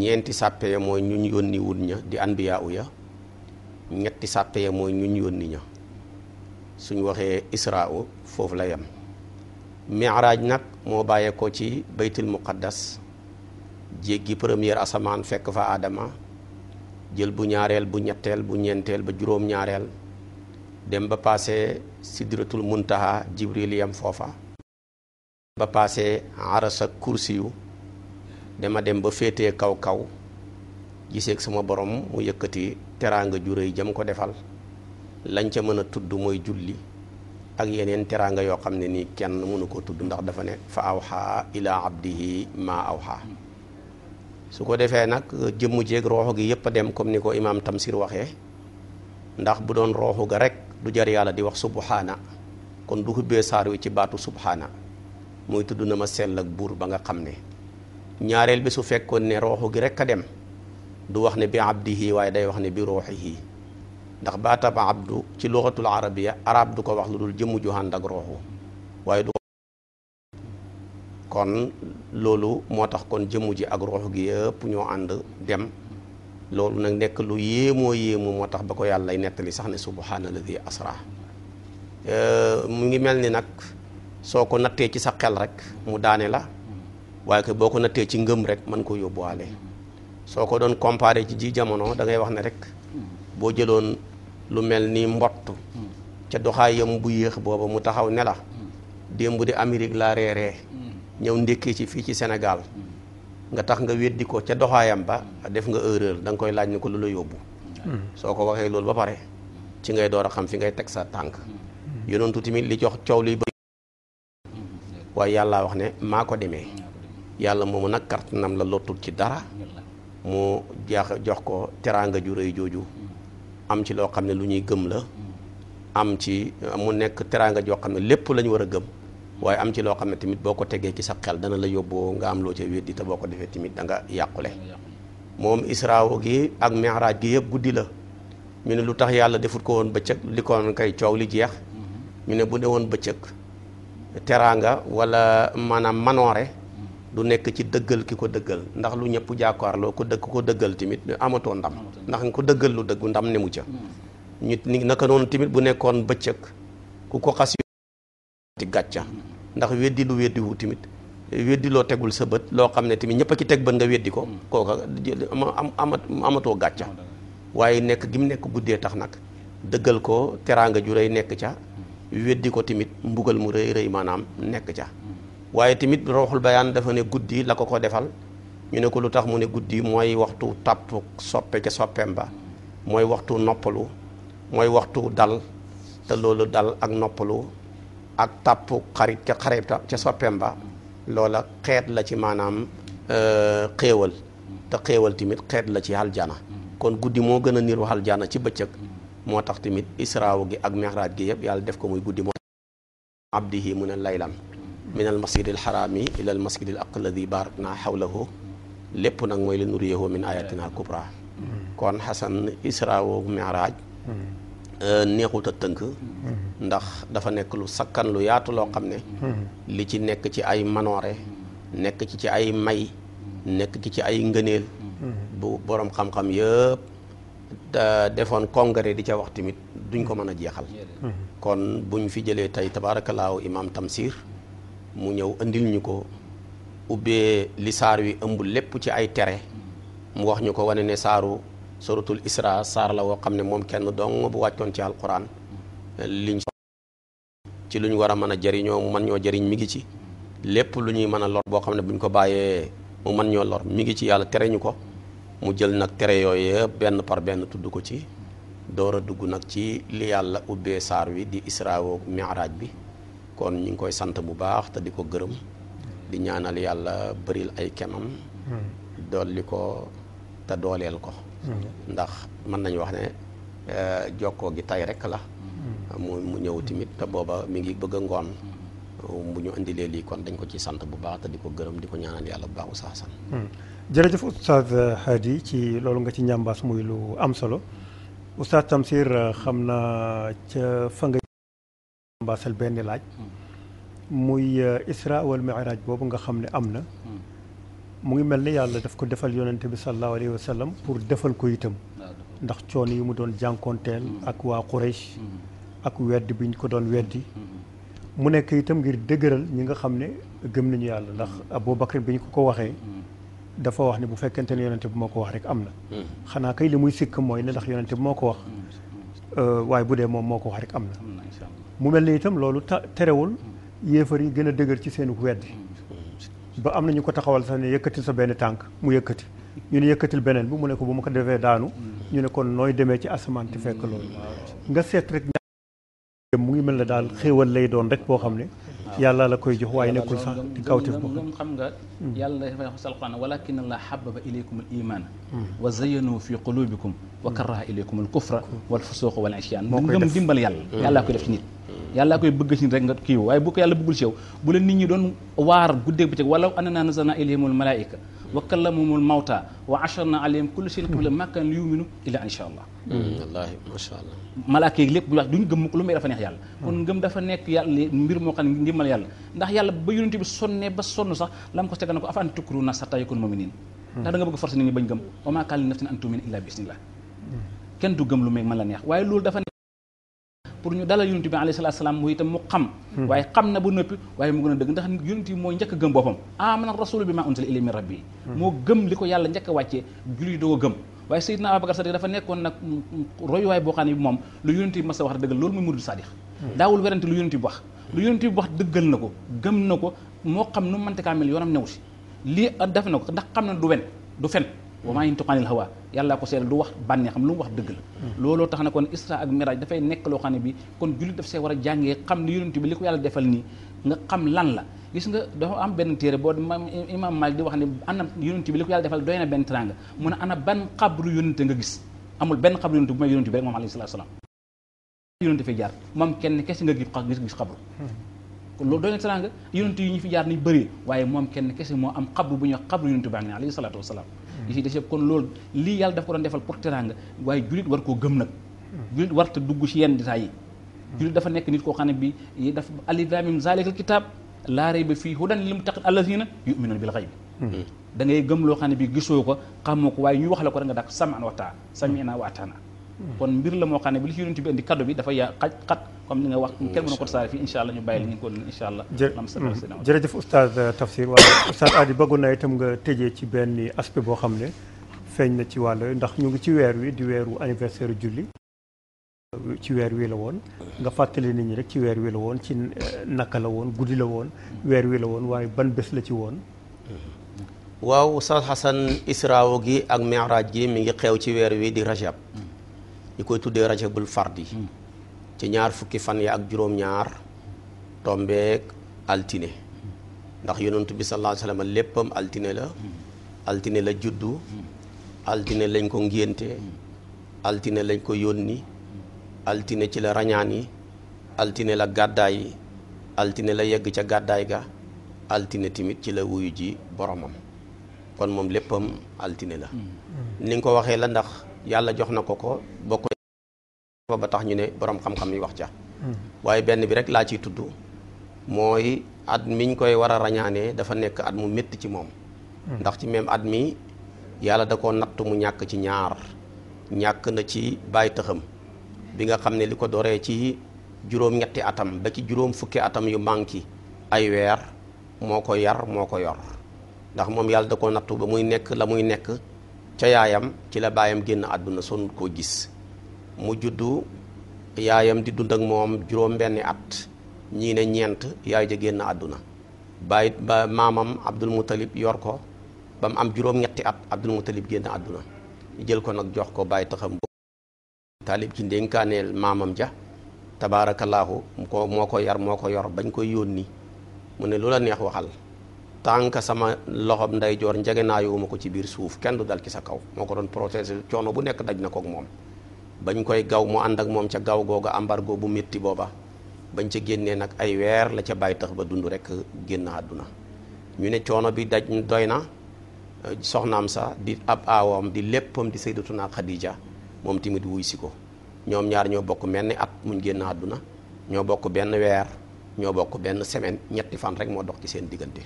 ñeenti sàppe ya mooy ñu ñu ña di anbiyaa u ya ñetti sàppe ya mooy ñu ñu yónni ña suñ waxee isra foofu la yem miraaj nag moo bàyyee ko ci baytil muqaddas jéggi première asamaan fekk fa aadama jël bu ñaareel bu ñetteel bu ñeenteel ba juróom-ñaareel dem ba paase sidratul muntaha jibril yam foofa ba paase arasa kursiyu dama dem ba féetee kaw-kaw giseeg sama borom mu yëkkati teraanga ju réy jam ko defal lañ ca mën a tudd mooy julli ak yeneen teraanga yoo xam ne ni kenn mënu koo tudd ndax dafa ne fa awxa ila abdihi ma awxa su ko defee nag euh, jëmmu jeeg rooxu gi yépp a dem comme ni ko imaam Tamsir waxee ndax bu doon rooxu ga rek du jar yàlla di wax subhaana kon du xubbee saar wi ci baatu subhaana mooy tudd na ma sell ak buur ba nga xam ne ñaareel bi su fekkoon ne rooxu gi rek a dem du wax ne bi abdihi waaye day wax ne bi rooxihi ndax baata baatab abdu ci luxatul arabiya arab du ko wax lu dul jëmm ju ànd rooxu waaye du kon loolu moo tax kon jëmm ji ak ruux gi yëpp ñoo ànd dem loolu nag nekk lu yéemoo yéemu moo tax ba ko yàlla lay nettali sax ne subhaanalladi asra euh, mu ngi mel ni nag soo ko nattee ci sa xel rek mu daane la waaye que boo ko nattee ci ngëm rek mën ko yóbbuwaale soo ko doon comparer ci ji jamono dangay wax ne rek boo jëloon lu mel ni mbott ca doxaayam bu yéex booba mu taxaw ne démb di Amérique laa reeree ñëw ndékkee ci fii ci senegal nga tax nga weddi ko ca doxaayam ba def nga erreur da nga koy laaj ni ko lu la yóbbu soo ko waxee loolu ba pare ci ngay door a xam fi ngay teg sa tànk yonentu tamit li jox coow li ba waaye yàlla wax ne maa ko demee yàlla moomu nag kartanam la lottul ci dara mu jaax jox ko teraanga ju rëy jooju am ci loo xam ne lu ñuy gëm la am ci mu nekk teraanga joo xam ne lépp lañu war a gëm waaye am ci loo xam ne tamit boo ko tegee ci sa xel dana la yóbboo nga am loo ca weddi te boo ko defee tamit da nga yàqule moom israa gi ak mi'raaj gi yëpp guddi la ñu ne lu tax yàlla defut ko woon bëccëg li ko woon kay coow li jeex ñu ne bu ne woon bëccëg teraanga wala maanaam manoore du nekk ci dëggal ki ko dëggal ndax lu ñëpp jàkkaarloo ko dëgg ko dëggal tamit amatoo ndam ndax nga ko dëggal lu dëggu ndam ne mu ca ñu naka noonu tamit bu nekkoon bëccëg ku ko xas ci gàcca ndax weddi lu weddi wu tamit weddi loo tegul sa bët loo xam ne tamit ñëpp a ci teg bët nga weddi ko kooka am amat amatoo gàcca waaye nekk gi mu nekk guddee tax nag dëggal ko teraanga ju rëy nekk ca weddi ko tamit mbugal mu rëy rëy maanaam nekk ca waaye tamit rooxul bayaan dafa ne guddi la ko ko defal ñu ne ko lu tax mu ne guddi mooy waxtu tàpp soppe ca soppeem ba mooy waxtu noppalu mooy waxtu dal te loolu dal ak noppalu ak tàpp xarit ca xaribta ca soppem ba loola xeet la ci maanaam euh, xéewal te xéewal tamit xeet la ci aljana kon guddi moo gën a niru aljana ci bëccëg moo tax tamit israaw gi ak mihraaj gi yëpp yàlla def ko muy guddi moo abdihi mu ne laylan min al masjid al xaraami ila al masjid al aqsa alladi barak naa xawlahu lépp nag mooy leen nuriyahu min ayatina al kubra mm. kon xasan israaw mihraaj mm. Euh, neexut a tënk ndax dafa nekk lu sakkan lu yaatu loo xam ne li ci nekk ci ay manoore nekk ci ci ay may nekk ci ci ay ngëneel bu boroom xam-xam yëpp defoon congrès di ca wax tamit duñ ko mën a jeexal kon buñ fi jëlee tey tabaarakalaahu imaam Tamsir mu ñëw indil ñu ko ubbee li saar wi ëmb lépp ci ay tere mu wax ñu ko wane ne saaru suratul isra saar la woo xam ne moom kenn dong bu wàccoon ci alquran liñ ci lu ñu war a mën a jariñoo mu mën ñoo jariñ mi ngi ci lépp lu ñuy mën a lor boo xam ne bu ko bàyyee mu mën ñoo lor mi ngi ci yàlla tere ñu ko mu jël nag tere yooyu yëpp benn par benn tudd ko ci door a dugg nag ci li yàlla ubbee saar wi di isra woo miraaj bi kon ñu ngi koy sant bu baax te di ko gërëm di ñaanal yàlla bëril ay kemam hmm. dolli ko te dooleel ko ndax mën nañu wax ne euh, jokkoo gi tay rek la mm-hmm. mu mu ñëw tamit te booba mi ngi bëgg a ngoon mm-hmm. bu ñu indilee lii kon dañ ko ci sant bu baax te di ko gërëm di ko ñaanal yàlla bu baax Oustaz Assane mm-hmm. jërëjëf Oustaz Hady ci loolu nga ci njàmbaas muy lu am solo Oustaz Tamsir xam na ca fa nga njàmbaasal benn laaj muy euh, Isra wal Mi'raj boobu nga xam ne am na mu ngi mel ni yàlla daf ko defal yonent bi sallallahu alayhi wa sallam pour defal ko itam ndax coono yi mu doon jànkoonteel ak waa Quraysh ak weddi bi ñu ko doon weddi mu nekk itam ngir dëgëral ñi nga xam ne gëm nañu yàlla ndax Aboubacar bi ñu ko ko waxee dafa wax ne bu fekkente ne yonent bi moo ko wax rek am na xanaa kay li muy sikk mooy ne ndax yonent bi moo ko wax euh, waaye bu dee moom moo ko wax rek am na mu mel ni itam loolu terewul yéefar yi gën a dëgër ci seenu weddi ba am na ñu ko taxawal sax ne yëkkatil sa benn tànk mu yëkkati ñu ne yëkkatil beneen bi mu ne ko bu ma ko defee daanu ñu ne kon nooy demee ci asamaan te fekk loolu nga seet rek mu ngi mel ne daal xéewal lay doon rek boo xam ne yàlla la koy jox waaye nekkul sax di kawtif boo xam nga hmm. yàlla dafa wax alquran walakin allah hababa ilaykum al iman hmm. wa zayyanu fi qulubikum wa karaha ilaykum al kufra hmm. wal fusuqa wal isyan ngëm dimbal yàlla yàllaa koy def ci nit yàllaa koy bëgg ci nit rek nga kii waaye bu ko yàlla bëggul ci yow bu leen nit ñi doon waar guddeeg bëccëg walaw annana nazarna ilayhim al malaika wa kallamumul mawta wa asharna alayhim kulli shay'in qubla ma kaanu liyuminu illa insha allah hmm. hmm. wallaahi masha allah malaaka yi lépp lu wax duñ gëm ko lu may dafa neex yàlla kon ngëm dafa nekk yàlla mbir moo xam ne yàlla ndax yàlla ba yonent bi sonnee ba sonn sax la mu ko tegal na ko afa an tukruna hatta yakunu mu'minin hmm. ndax da bëgg forcé nit ñi bañ gëm waaye loolu dafa pour ñu dalal yonent bi alayhi salaatu salaam mu itam mu xam hmm. waaye xam na ba noppi waaye mu gën a dëgg ndax yonent bi mooy njëkk a gëm boppam amana rasulu bi maa unzila ilayhi min rabbi hmm. moo gëm li ko yàlla njëkk a wàccee julli doo gëm waaye Seydina Ababacar Sadiq dafa nekkoon nag royuwaay boo xam ne bi moom lu yonent bi mas a wax loolu muy murid Sadiq hmm. daawul werante lu yonent bi wax lu yonent bi wax dëggal na ko gëm na ko moo xam nu mënte kaa mel yoonam new si lii def na ko ndax xam na du wen du fen wa maa yantiqu anil hawaa yàllaa ko seetal du wax bànnee xam lu mu wax dëgg la hmm. looloo tax na kon isra ak miraaj dafay nekk loo xam ne bi kon jullit daf see war a jàngee xam ne yonent bi li ko yàlla defal nii nga xam lan la gis nga dafa am benn téere boo imaam Maalik di wax ne ana yonent bi li ko yàlla defal doy na benn teraanga mu a ana ban xabru yonent nga gis amul benn xabru yonent bu may yonent bi rek moom alayhi salaatu salaam yonent fi jaar moom kenn kese nga gis gis xabru hmm. loolu doy na teraanga yonent yi ñu fi jaar nañ bëri yi si des yëpp kon lool lii yàlla daf ko doon defal pour teraanga waaye jullit war koo gëm nag jullit war te dugg si yenn détails yi jullit dafa nekk nit koo xam ne bi dafa alif laam miim zaalikal kitaab laa ba fii hudan lil muttaqiin allaziina bi bil ghayb hmm. da ngay gëm loo xam ne bi gisoo ko xamoo ko waaye ñu wax la ko rek nga dàq sam'an wa taa'atan sami'naa wa wataana kon mbir la moo xam bi li ci yonent bi bi dafa yaa xaj xat comme ni nga wax kenn mën a ko saare fii incha allah ñu bàyyi li ñu ko incha allah jërëjëf oustaz Tafsir waaye oustaz Adi bëggoon na itam nga tëjee ci benn aspect boo xam ne feeñ na ci wàll ndax ñu ngi ci weer wi di weeru anniversaire julli ci weer wii la woon nga fàttali nit ñi rek ci weer wi la woon ci naka la woon guddi la woon weer wi la woon waaye ban bés la ci woon waaw oustaz Xasan gi ak Miraaj gi mi ngi xew ci weer wi di rajab ñu koy tuddee rajabul fardi hmm. ci ñaar fukki fan ya ak juróom-ñaar tombeek altine hmm. ndax yonentu bi sallallahu alayhi wasallam léppam altine la hmm. altine la juddu altine lañ ko ngénte altine lañ ko yónni altine ci la rañaan yi altine la gàddaay altine la yegg ca gàddaay ga altine tamit ci la wuyu ji boromam kon moom léppam altine la ni nga ko waxee la ndax yàlla jox na ko ko bokk ba tax ñu ne boroom xam-xam yi wax ca waaye benn bi rek laa ciy tudd mooy at miñ koy wara rañaanee dafa nekk at mu métti ci moom hmm. ndax ci même at mi yàlla da koo natt mu ñàkk ci ñaar ñàkk na ci bàyyi tëxam bi nga xam ne li ko doree ci juróom-ñetti atam ba ci juróom fukki atam yu manqué ay weer moo ko yar moo ko yor ndax moom yàlla da koo nattu ba muy nekk la muy nekk ca yaayam ci la baayam génn àdduna son koo gis mu juddu yaayam di dund ak moom juróom-benni at ñii ne ñeent yaay ja génn àdduna bàyyi ba maamam Abdul Muttalib yor ko ba mu am juróom-ñetti at Abdul Muttalib génn àdduna jël ko nag jox ko bàyyi taxam boobu. taalib ci ndénkaaneel maamam ja tabaarakallaahu mu ko moo ko yar moo ko yor bañ koy yónni mu ne lu la neex waxal. tànk sama loxob ndeyjoor njege naayowuma ko ci biir suuf kenn du dal ci sa kaw moo ko doon protéger coono bu nekk daj na kook moom bañ koy gaw mu ànd ak moom ca gaw googa embargo bu métti booba bañ ca génnee nag ay weer la ca bàyyi tax ba dund rek génn àdduna ñu ne coono bi daj doy na soxnaam sa di ab aawam di léppam di sayyidatuna Khadija moom tamit wuy si ko ñoom ñaar ñoo bokk mel ni at muñ génn àdduna ñoo bokk benn weer ñoo bokk benn semaine ñetti fan rek moo dox ci seen diggante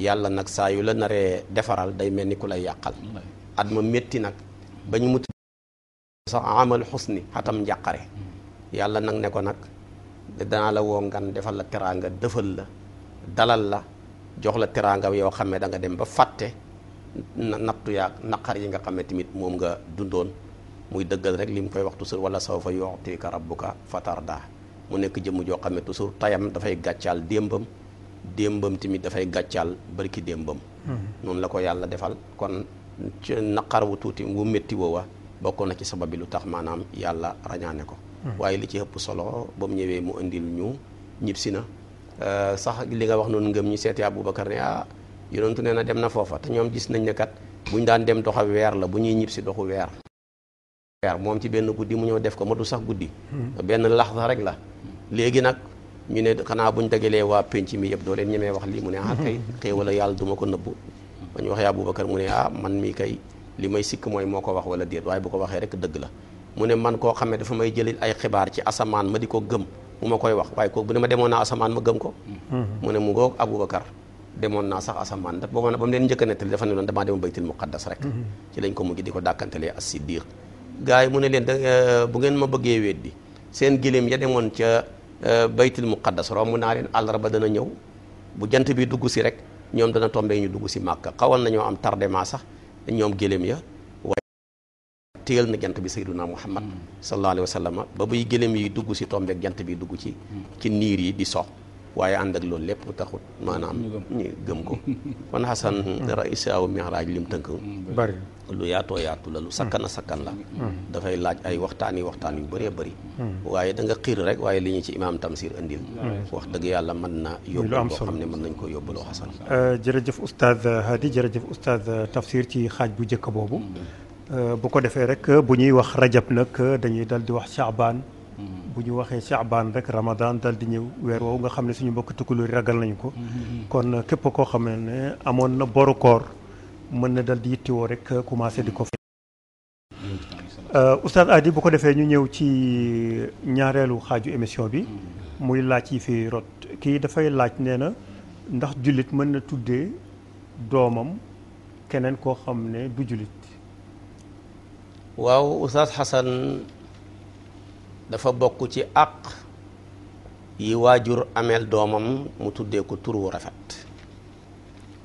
yàlla nag saa yu la naree defaral day mel ni ku lay yàqal at ma métti nag ba ñu mutu sax amal xusni xatam njàqare yàlla nag ne ko nag danaa la woo ngan defal la teraanga dëfal la dalal la jox la teraanga yoo xam ne danga dem ba fàtte nattu yaag naqar yi nga xam ne tamit moom nga dundoon muy dëggal rek li mu koy wax toujours wala saw fa yu'tika rabbuka fatarda mu nekk jëmm joo xam ne tayam dafay gàccaal démbam démbam tamit dafay gàccaal barki démbam hmm. noonu la ko yàlla defal kon ci naqar wu tuuti wu métti woowa bokkoon na ci sabab bi lu tax maanaam yàlla rañaane ko hmm. waaye li ci ëpp solo ba mu ñëwee mu indil ñu ñib si na euh, sax li nga wax noonu ngëm ñi seeti Aboubacar ne ah yonentu nee na dem na foofa te ñoom gis nañ ne kat buñ daan dem doxa weer la bu ñuy ñib si doxu weer weer moom ci benn guddi mu ñëw def ko matu sax guddi hmm. benn lax rek la léegi nag ñu ne xanaa buñ dajalee waa penc mi yëpp doo leen ñemee wax lii mu ne ah kay [LAUGHS] xéewala yàlla duma ko nëbbu ba ñu waxee Aboubacar mu ne ah man mii kay li may sikk mooy moo ko wax wala déet waaye bu ko waxee rek dëgg la mu ne man koo xamee dafa may jëlil ay xibaar ci asamaan ma di ko gëm mu koy wax waaye kooku bu ne ma demoon naa asamaan ma gëm ko mm-hmm. mu ne mu ngoog Aboubacar demoon naa sax asamaan ndax booba ba mu leen njëkk a nettali dafa ne loon damaa dem baytil muqaddas rek mm-hmm. ci lañ ko mujj di ko dàkkantalee as siddiq gars yi mu ne leen eh, bu ngeen ma bëggee weddi seen gëléem ya demoon ca Euh, baytul muqaddas romb naa leen àllarba dana ñëw bu jant bi dugg si rek ñoom dana tombe ñu dugg si màkka xawoon nañoo am tardement sax ñoom gëléem ya waaye téyal na jant bi sayyiduna muhammad mm. sallallahu alayhi wa sallam ba buy gëléem yi dugg si tombeek jant bi dugg ci ci niir yi di so waaye ànd ak loolu lépp taxut maanaam ñi gëm ko kon xasan mm-hmm. dara israa miraaj lim tënk mm-hmm. bari lu yaatoo yaatu la lu sakkan a mm-hmm. sakkan la dafay laaj ay waxtaan yi waxtaan yu bëree bari waaye danga xiir rek waaye li ñu ci imaam Tamsir indil wax dëgg yàlla mën na yóbbu loo xam ne mën nañ koo yóbbuloo xasan euh, jërëjëf oustaz Hadi jërëjëf oustaz Tafsir ci xaaj bu njëkk boobu euh, bu ko defee rek bu ñuy wax rajab nag dañuy dal di wax caabaan bu ñu waxee caabaan rek ramadan dal di ñëw weer woowu nga xam nañu ko mm-hmm. kon képp koo xam ne amoon na boru mën na dal di rek commencé di ko fay mm-hmm. oustaz Hady bu ko defee ñu ñëw ci ñaareelu xaaju émission bi mm-hmm. muy laaj yi fi rot kii dafay laaj nee na ndax jullit mën na tuddee doomam keneen koo xam ne du jullit waaw oustaz Xasan dafa bokk ci àq yi waajur ameel doomam mu tuddee ko tur wu rafet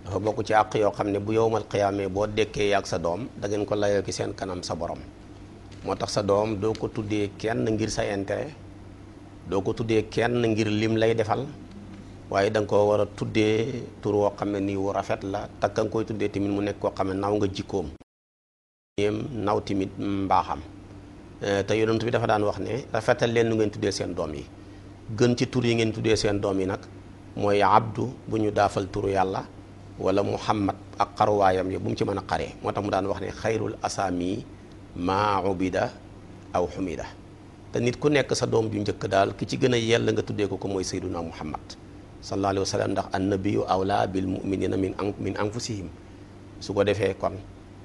dafa bokk ci àq yoo xam ne bu yowmal xiyaamee boo dekkee ak sa doom da ngeen ko layoo ki seen kanam sa borom moo tax sa doom doo ko tuddee kenn ngir sa intérêt doo ko tuddee kenn ngir lim lay defal waaye da ko koo war a tuddee tur woo xam ne nii wu rafet la takka nga koy tuddee tamit mu nekk koo xam ne naw nga jikkoom. naw tamit mbaaxam. Euh, te yonent bi dafa daan wax ne rafetal leen nu ngeen tuddee seen doom yi gën ci tur yi ngeen tuddee seen doom yi nag mooy abdu bu ñu daafal turu yàlla wala muhammad ak xaruwaayam yi bu mu ci mën a xare moo tax mu daan wax ne xayrul asaami maa ubida aw xumida te nit ku nekk sa doom ju njëkk daal ki ci gën a yell nga tuddee ko ko mooy sayduna muhammad sallallahu alayhi wa sallam ndax annabiyu awla bil muminina min an min anfusihim su ko defee kon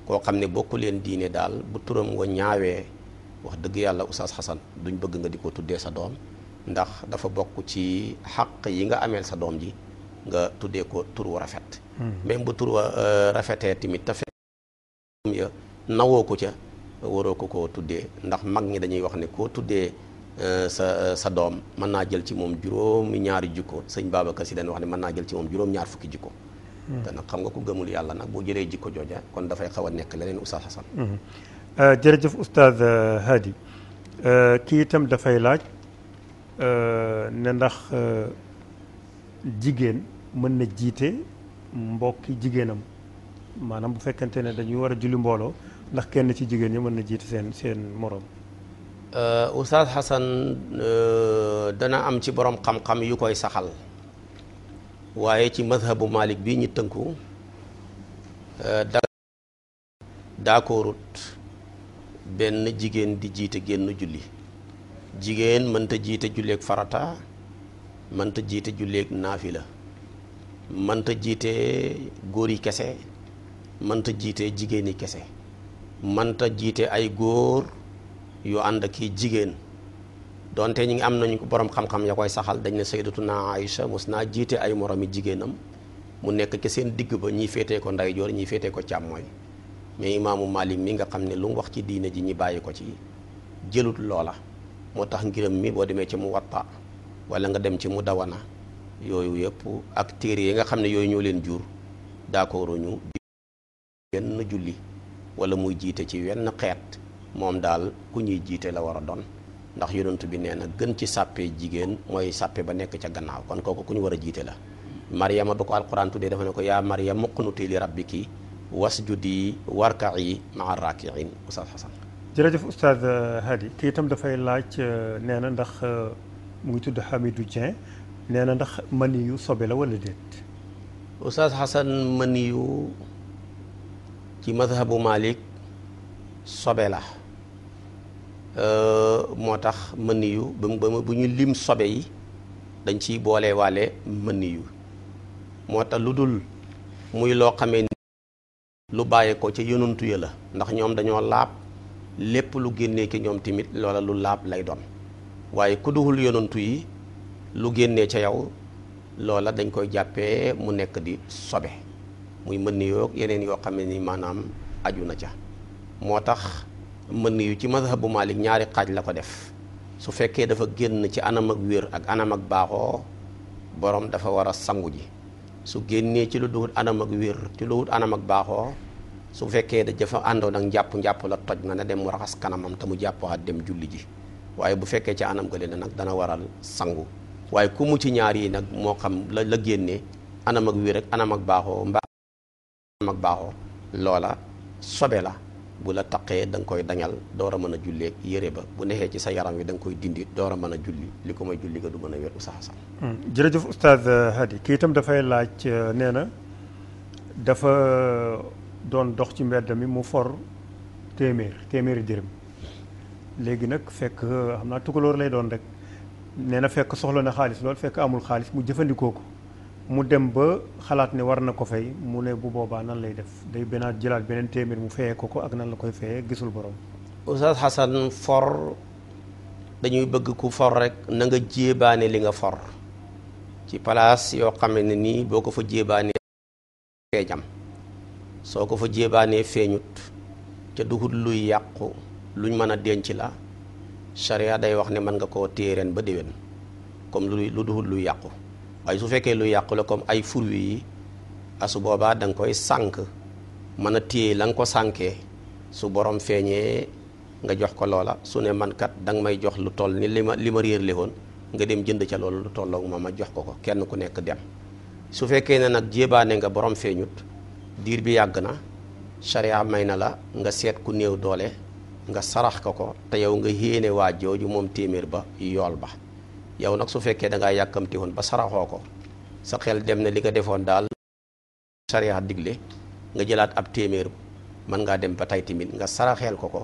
koo xam ne bokk leen diine daal bu turam nga ñaawee wax dëgg yàlla oustaz Xasan duñ bëgg nga di ko tuddee sa doom ndax dafa bokk ci xàq yi nga ameel sa doom ji nga tuddee ko tur wa rafet hmm. même bu tur wa euh, rafetee tamit te fekk nawoo ko ca waroo ko koo tuddee ndax mag ñi dañuy wax ne koo tuddee euh, sa euh, sa doom mën naa jël ci moom juróomi ñaari jikko sëñ Babacar Si dañ wax ne mën naa jël ci moom juróom ñaar fukki jikko hmm. te nag xam nga ku gëmul yàlla nag boo jëlee jikko jooja kon dafay xaw a nekk leneen oustaz Xasan hmm. Euh, jërëjëf oustaz euh, Hadi euh, kii itam dafay laaj ne ndax jigéen mën na jiite mbokki jigéenam maanaam bu fekkente ne dañuy war a julli mbooloo ndax kenn ci jigéen ñi mën na jiite seen seen moroom oustaz Hassan dana am ci borom xam-xam yu koy saxal waaye ci mazhabu Malik bi ñu tënku d'accord benn jigéen di jiite génn julli jigéen mënta jiite julleeg farata mënta jiite julleek julleeg la mënta jiite góor yi kese mënta jiite jigéen yi kese mënta jiite ay góor yu ànd ak i jigéen donte ñu ngi am nañu ko borom xam-xam ya koy saxal dañ ne sayyidatuna Aïcha mos naa jiite ay moromi jigéenam mu nekk ci seen digg ba ñiy féetee ko ndeyjoor ñiy féetee ko càmmooñ mais imaamu maalim mi nga xam ne lu mu wax ci diine ji ñi bàyyi ko ci jëlut loola moo tax ngiram mi boo demee ci mu watta wala nga dem ci mu dawana yooyu yëpp ak téere yi nga xam ne yooyu ñoo leen jur d'accord ñu benn julli wala muy jiite ci wenn xeet moom daal ku ñuy jiite la war a doon ndax yonent bi nee na gën ci sàppe jigéen mooy sàppe ba nekk ca gannaaw kon kooku ku ñu war a jiite la Maryama ba ko alquran tuddee dafa ne ko yaa Maryam muqnuti li rabbiki wasjudi warka'i ma'a raaki'in Oustaz Xasan jërëjëf Oustaz Hady kii itam dafay laaj euh, nee na ndax euh, mu tudd Hamidou Dieng nee na ndax mani yu sobe la wala déet Oustaz Xasan mani ci madhabu Malik sobe la euh, moo tax mën yu ba ba bu ñu lim sobe yi dañ ciy boole waale mën yu moo tax lu dul muy loo xamee lu bàyyi ko ca yonantu la ndax ñoom dañoo laab lépp lu génnee ci ñoom tamit loola lu laab lay doon waaye ku duhul yonantu yi lu génnee ca yow loola dañ koy jàppee mu nekk di sobe muy mën yoog yeneen yoo xam ne ni maanaam aju na ca moo tax mën yu ci bu Malik ñaari xaaj la ko def su fekkee dafa génn ci anam ak wér ak anam ak baaxoo borom dafa war a sangu ji su génnee ci lu duhut anam ak wér ci lu duhut anam ak baaxoo su fekkee da jafa àndoon ak njàpp njàpp la toj na na dem mu raxas kanamam te mu jàppaat dem julli ji waaye bu fekkee ci anam gële na nag dana waral sangu waaye ku mu ci ñaar yi nag moo xam la la génnee anam ak wér ak anam ak baaxoo mbaa anam baaxoo loola sobe la bu la taqee da nga koy dañal door a mën a jullee yére ba bu neexee ci sa yaram wi da nga koy dindi door a mën a julli li ko may julli ga du man a wér sax sax. Hmm. jërëjëf oustaz Hady kii itam dafay laaj euh, nee na dafa euh, doon dox ci mbedd mi mu for téeméer téeméeri dërëm léegi nag fekk xam naa tukulóor lay doon rek nee na fekk soxla na xaalis loolu fekk amul xaalis mu jëfandikoo ko. mu dem ba xalaat ne war na ko fay mu ne bu boobaa nan lay def day benaat jëlaat beneen téeméer mu fayee ko ko ak nan la koy fayee gisul borom. Oustaz Xasan for dañuy bëgg ku for rek na nga jéebaane li nga for ci place yoo xam ne nii boo ko fa jéebaanee feeñam soo ko fa jéebaanee feeñut ca duhut luy yàqu luñ mën a denc la charia day wax ne mën nga koo téereen ba déwén comme lu lu luy yàqu. waaye su fekkee lu yàqu la comme ay furwi yi asu boobaa danga koy sànk mën a téye la nga ko sànkee su borom feeñee nga jox ko loola su ne man kat da nga may jox lu toll ni li ma li ma réer woon nga dem jënd ca loolu lu tolloog moom ma jox ko ko kenn ku nekk dem su fekkee ne nag jéebaane nga borom feeñut diir bi yàgg na charia may na la nga seet ku néew doole nga sarax ko ko te yow nga yéene waa jooju moom téeméer ba yool ba yow nag su fekkee da ngaa yàkkamti woon ba saraxoo ko sa xel dem na li ko defoon daal sariya digle nga jëlaat ab téeméeru mën ngaa dem ba tey tamit nga saraxeel ko ko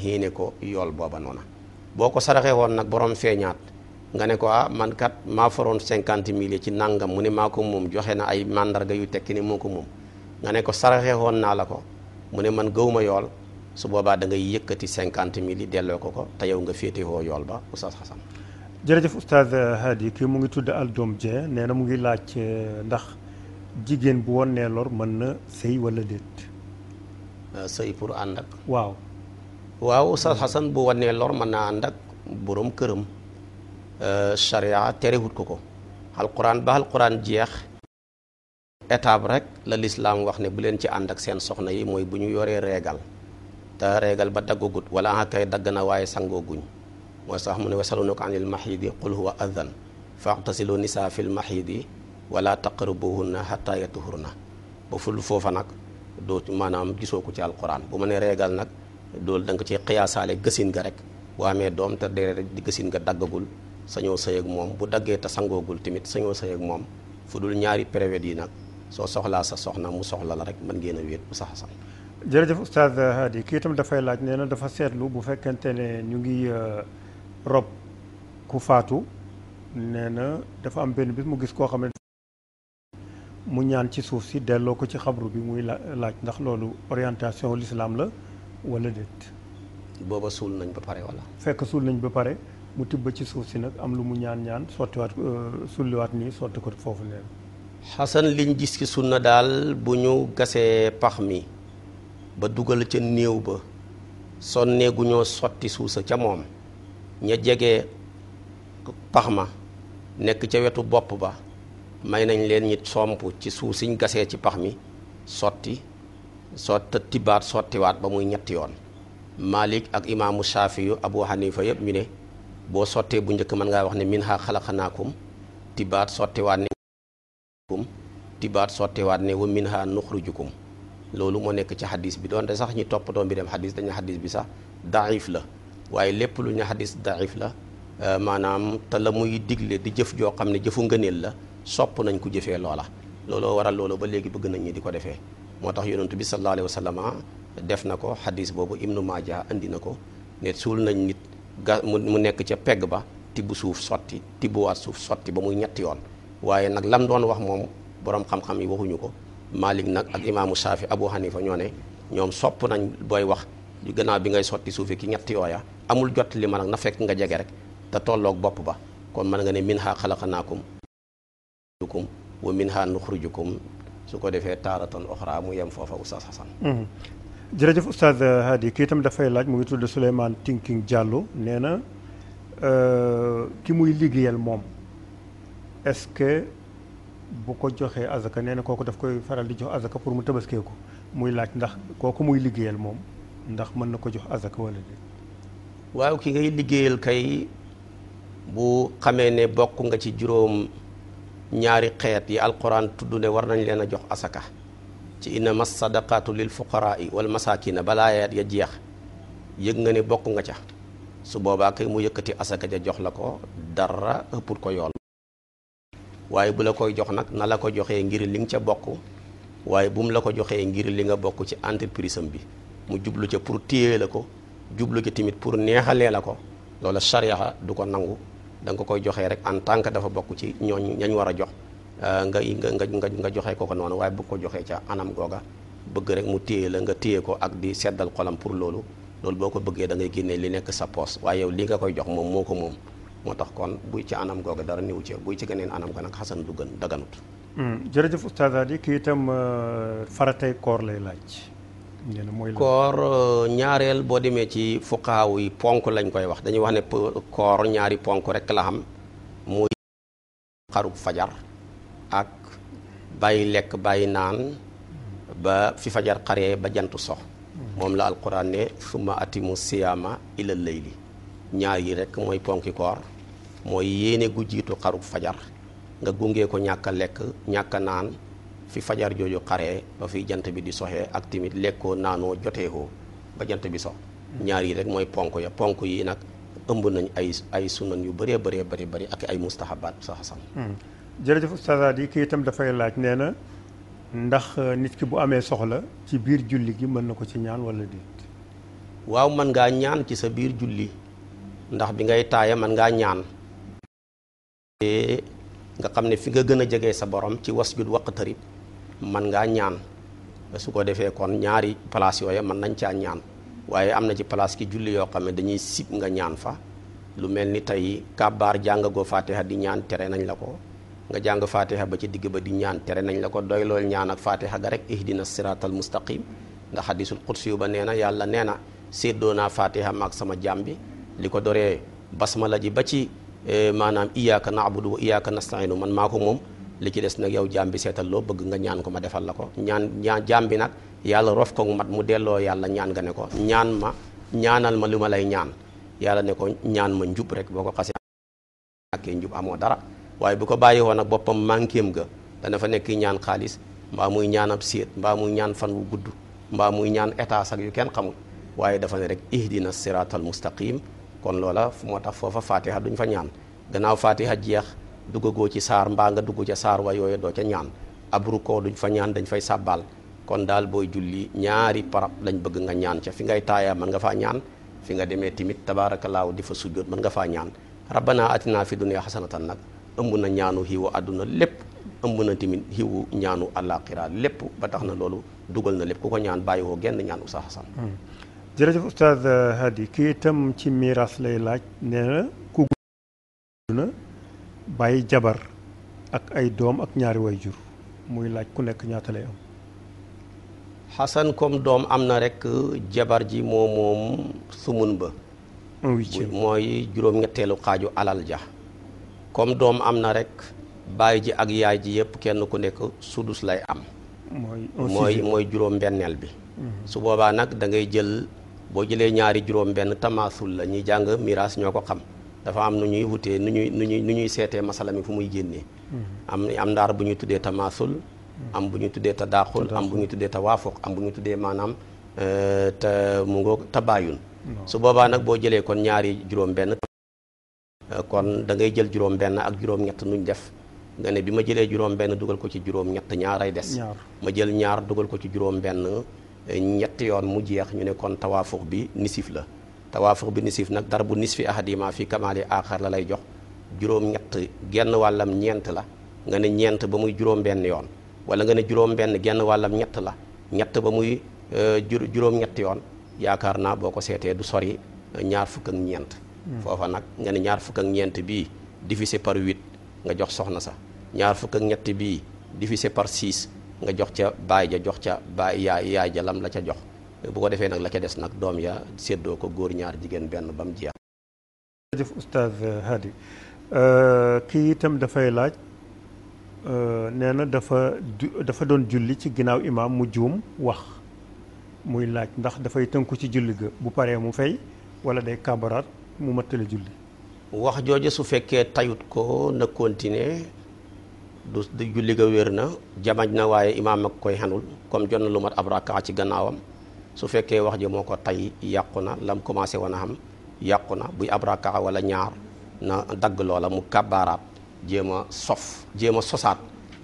xiine ko yool booba noona boo ko saraxee woon nag borom feeñaat nga ne ko ah man kat maa foroon cinquante mille ci nangam mu ne maa ko moom joxe na ay màndarga yu tekki ne moo ko moom nga ne ko saraxee woon naa la ko mu ne man gëwma yool su boobaa da ngay yëkkati cinquante mille yi delloo ko ko te yow nga féetewoo yool ba jërëjëf oustaz Hady kii mu ngi tudd Aldoom Dieng nee na mu ngi laaj eh, ndax jigéen bu wonnee lor mën na sëy walla déet. Ah, sëy pour ànd ak. waaw. waaw oustaz Xasan bu wonnee lor mën naa ànd ak borom këram. charia eh, terewut ko ko. alquran ba alquran jeex. étape rek la lislaam wax ne bu leen ci ànd ak seen soxna yi mooy bu ñu yoree reegal te réegal ba daggagut wala ah kay dagg na waaye sangoo guñ. moo tax mu ne wasalunaka anil maxyidi qul huwa adan faqtasilu nisaa fil maxyidi doo maanaam gisoo ko ci alquran bu ma ne reegal nag doolu da nga ci xiyaasaale gësin ga rek boo amee doom te dee di gësin nga daggagul sañoo sëy ak moom bu daggee te sangoogul tamit sañoo sëy ak moom fu dul ñaari période yi nag soo soxlaa sa soxna mu soxla la rek mën ngeen a wéet bu sax sax jërëjëf oustaz kii itam dafay laaj nee na dafa seetlu bu fekkente ne ñu ngi euh, rob ku faatu nee na dafa am benn bis mu gis koo xam ne mu ñaan ci suuf si delloo ko ci xabru bi muy laaj ndax loolu orientation l'islam la wala déet. booba suul nañ ba pare wala. fekk suul nañ ba pare mu tibb ci suuf si nag am lu mu ñaan ñaan sottiwaat euh, sulliwaat nii sotti ko foofu neen xasan liñ gis ci sunna daal bu ñu gasee pax mi ba dugal ca néew ba sonnee gu ñoo sotti suusa ca moom ña jege pax ma nekk ca wetu bopp ba may nañ leen ñi somp ci suuf siñ gasee ci pax mi sotti sotta tibaat sottiwaat ba muy ñetti yoon Malik ak imaamu Shaafi yu Abu Hanifa yëpp ñu ne boo sottee bu njëkk mën ngaa wax ne min ha xalaqanaakum tibaat sottiwaat ne tibaat sottiwaat ne wa min ha nuxrujukum loolu moo nekk ci xadis bi doonte sax ñi toppatoo mbiram xadis dañu xadis bi sax daif la waaye lépp lu ñu xadis daif la euh, maanaam te la muy digle di jëf joo xam ne jëfu ngëneel la sopp nañ ko jëfee loola looloo waral loolu ba léegi bëgg nañ ñi di ko defee moo tax yonentu bi sallallahu alayhi wa sallam def na ko xadis boobu ibnu maaja indi na ko ne suul nañ nit ga mu nekk ca pegg ba tibb suuf sotti tibbuwaat suuf sotti ba muy ñetti yoon waaye nag lam doon wax moom boroom xam-xam yi waxuñu ko Malik nag ak imaamu Saafi Abu Hanifa ñoo ne ñoom sopp nañ booy wax gannaaw bi ngay sotti suufi ki ñetti yooya amul jot li ma na fekk nga jege rek te tolloog bopp ba kon mën nga ne minha xalaqnaakum dukum wa minha nuxrijukum su ko defee taaratan oxra mu yem foofa oustaz Hasan hmm. jërëjëf oustaz Hadi kii itam dafay laaj mu ngi tudd Souleymane Tinking Diallo nee na euh, ki muy liggéeyal moom est-ce que bu ko joxee azaka nee na kooku daf koy faral di jox azaka pour mu tabaskee muy laaj ndax kooku muy liggéeyal moom ndax mën na ko jox azaka wala déet waaw ki ngay liggéeyal kay bu xamee ne bokk nga ci juróom ñaari xeet yi alquran tudd ne war nañ leen a jox asaka ci inna innama sadaqatu lil fuqaraai wal masakina balaa yaat ya jeex yëg nga ne bokk nga ca su boobaa kay mu yëkkati asaka ja jox la ko dara ëppul ko yoon waaye bu la koy jox nag na la ko joxee ngir li nga ca bokk waaye bu mu la ko joxee ngir li nga bokk ci entreprise am bi mu jublu ca pour téye la ko jublu ci tamit pour neexalee la ko loola sariya du ko nangu da nga koy joxee rek en tant que dafa bokk ci ñooñ ñañ war a jox euh, nga nga nga nga joxee ko ko noonu waaye bu ko joxee ca anam googa bëgg rek mu téye la nga téye ko ak di seddal xolam pour loolu loolu boo ko bëggee da ngay génnee li nekk sa poos waaye yow li nga koy jox moom moo ko moom moo tax kon buy ci anam googa dara néew ci buy ci geneen anam ga nag xasan du gën daganut hmm, jërëjëf Oustaz Ali kii itam euh, faratay koor lay laaj koor euh, ñaareel boo demee ci fuqaaw ponk lañ koy wax dañuy wax ne koor ñaari ponk rek la xam muy xaruk fajar ak bàyyi lekk bàyyi naan ba fi fajar xaree ba jantu sox moom la alquran ne summa atimu siyaama ila layli ñaar yi rek mooy ponki koor mooy yéene gu jiitu xaruk fajar nga gunge ko ñàkk lekk ñàkk naan fi fajar jooju xaree ba fi jant bi di soxee ak tamit lekkoo naanoo joteekoo ba jant bi sox ñaar yi rek mooy ponk ya ponk yi nag ëmb nañ ay ay sunan yu baree baree bëri bëri ak ay mustahabaat sa xasan hmm. jërëjëf ustaasaat yi kii itam dafay laaj nee na ndax euh, nit ki bu amee soxla ci biir julli gi mën na ko ci ñaan wala déet waaw mën ngaa ñaan ci sa biir julli ndax bi ngay taaya man ngaa ñaan nga xam ne fi nga gën a jege sa borom ci wasjud waqtarib man ngaa ñaan su ko defee kon ñaari place yooya mën nañ caa ñaan waaye am na ci place ki julli yoo xam ne dañuy sib nga ñaan fa lu mel ni tey kàbbaar jàngagoo fatiha di ñaan tere nañ la ko nga jàng fatiha ba ci digg ba di ñaan tere nañ la ko doy lool ñaan ak fatiha ga rek ihdina siratal mustaqim ndax hadisul qudsi yu ba nee na yàlla nee na séddoo naa fatiha maag sama jaam bi li ko doree la ji ba ci eh, maanaam iyyaka na'budu wa iyyaka nasta'inu man maa ko moom li ci des nag yow jaam bi seetal loo bëgg nga ñaan ko ma defal la ko ñaan ñaan jaam bi nag yàlla rof ko mat mu delloo yàlla ñaan nga ne ko ñaan ma ñaanal ma li ma lay ñaan yàlla ne ko ñaan ma njub rek boo ko xasee àkkee njub amoo dara waaye bu ko bàyyi woon ak boppam manquéem ga dana fa nekk ñaan xaalis mbaa muy ñaan ab séet mbaa muy ñaan fan wu gudd mbaa muy ñaan état ak yu kenn xamul waaye dafa ne rek ihdina siratal mustaqim kon loola moo tax foofa fatiha duñ fa ñaan duggagoo ci saar mbaa nga dugg ca saar wa yooyu doo ca ñaan ab rukkoo duñ fa ñaan dañ fay sàbbaal kon daal booy julli ñaari parab lañ bëgg nga ñaan ca fi ngay taayaa mën nga faa ñaan fi nga demee timit tabaarakallaahu di fa sujjoot mën nga faa ñaan rabbana atina fi dunya xasanatan nag ëmb na ñaanu xiiwu àdduna lépp ëmb na timit xiiwu ñaanu àllaaxira lépp ba tax na loolu dugal na lépp ku ko ñaan bàyyi woo genn ñaan Oustaz Assane hmm. jërëjëf Oustaz kii itam ci miiras bàyyi jabar ak ay doom ak ñaari way jur muy laaj ku nekk ñaata lay am xasan comme doom am na rekk jabar ji moo moom sumun ba mooy juróom-ñetteelu xaaju alal ja comme doom am na rekk baay ji ak yaay ji yëpp kenn ku nekk sudus lay am mooy mooy juróom-benneel bi mm-hmm. su boobaa nag dangay jël boo jëlee ñaari juróom benn tamaasul la ñuy jàng miraas ñoo ko xam dafa am nu ñuy wutee nu ñuy nu ñuy nu ñuy seetee masala mi fu muy génnee mm-hmm. am am ndaar bu ñuy tuddee tamaasul mm-hmm. am bu ñuy tuddee tadaaxul am bu ñuy tuddee tawaafuq am bu ñu tuddee maanaam euh, te mu ngoog tabaayun su boobaa nag boo jëlee kon ñaari juróom benn euh, kon da ngay jël juróom benn ak juróom ñett ñu def nga ne bi ma jëlee juróom benn dugal ko ci juróom ñett ñaaray des ma jël ñaar dugal ko ci juróom benn ñett yoon mu jeex ñu ne kon tawaafuk bi nisif la te tawaafuq bi nisif nag dara bu nisfi ahadima fi kamaali aaxar la lay jox juróom-ñett genn wàllam ñeent la nga ne ñeent ba muy juróom-benn yoon wala nga ne juróom-benn genn wàllam ñett la ñett ba muy euh, juróom-ñett yoon yaakaar naa boo ko seetee du sori euh, ñaar fukk ak ñeent. Hmm. foofa nag nga ne ñaar fukk ak ñeent bii divisé par huit nga jox soxna sa ñaar fukk ak ñett bii divisé par six nga jox ca baay ja jox ca baay yaay yaay ja la ca jox. bu ko defee nag la ca des nag doom ya séddoo ko góor ñaar jigéen benn ba mu jeex. Euh, itam dafay laaj euh, nee na dafa dafa doon julli ci ginnaaw imaam mu juum wax muy laaj ndax dafay tënku ci julli ga bu paree mu fay wala day kàmbaraat mu mattale julli. wax jooju su fekkee tayut ko na continuer du julli ga wér na jamañ na waaye imaam ak koy xenul comme jot na lu mat ab rakaa ci gannaawam. su fekkee wax ji moo ko tay yàqu na lam commencé woon a xam yàqu na buy ab rakaa wala ñaar na dagg loola mu kàbbaaraat jéem a sof jéem a sosaat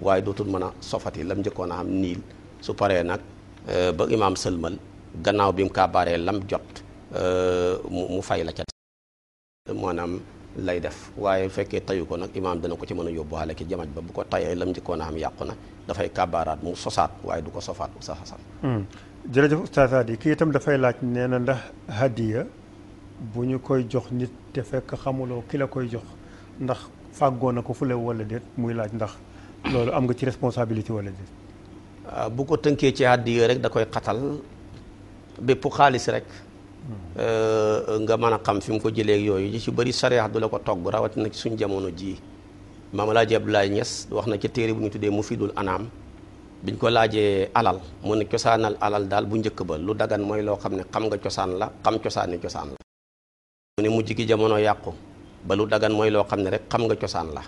waaye dootul mën a sofati lam njëkkoon a xam niil su paree nag euh, ba imaam sëlmal gannaaw bi mu kàbbaaree lam jot euh, mu fay la ca maanaam lay def waaye fekkee tayu ko nag imaam dana ko ci mën a yóbbuwaale ki jamaj ba bu ko tayee lam njëkkoon a xam yàqu na dafay kàbbaaraat mu sosaat waaye du ko sofaat sa xasan hmm. jërëjëf oustaz Hady kii itam dafay laaj nee na ndax hadiya bu ñu koy jox nit te fekk xamuloo ki la koy jox ndax fàggoo na ko fule wala déet muy laaj ndax loolu am nga ci responsabilité wala déet. Ah, bu ko tënkee ci hadiya rek da koy xatal bépp xaalis rek. Hmm. Euh, nga mën a xam fi mu ko jëleek yooyu yi ci bari sariya du la ko togg rawatina ci suñ jamono jii. Maam Alaaji Abdoulaye Niass wax na ci téere bu ñu tuddee Mufidul anaam biñ ko laajee alal mu ne cosaanal alal daal bu njëkk ba lu dagan mooy loo xam ne xam nga cosaan la xam cosaani cosaan la mu ne mujj gi jamono yàqu ba dagan mooy loo xam ne xam nga cosaan la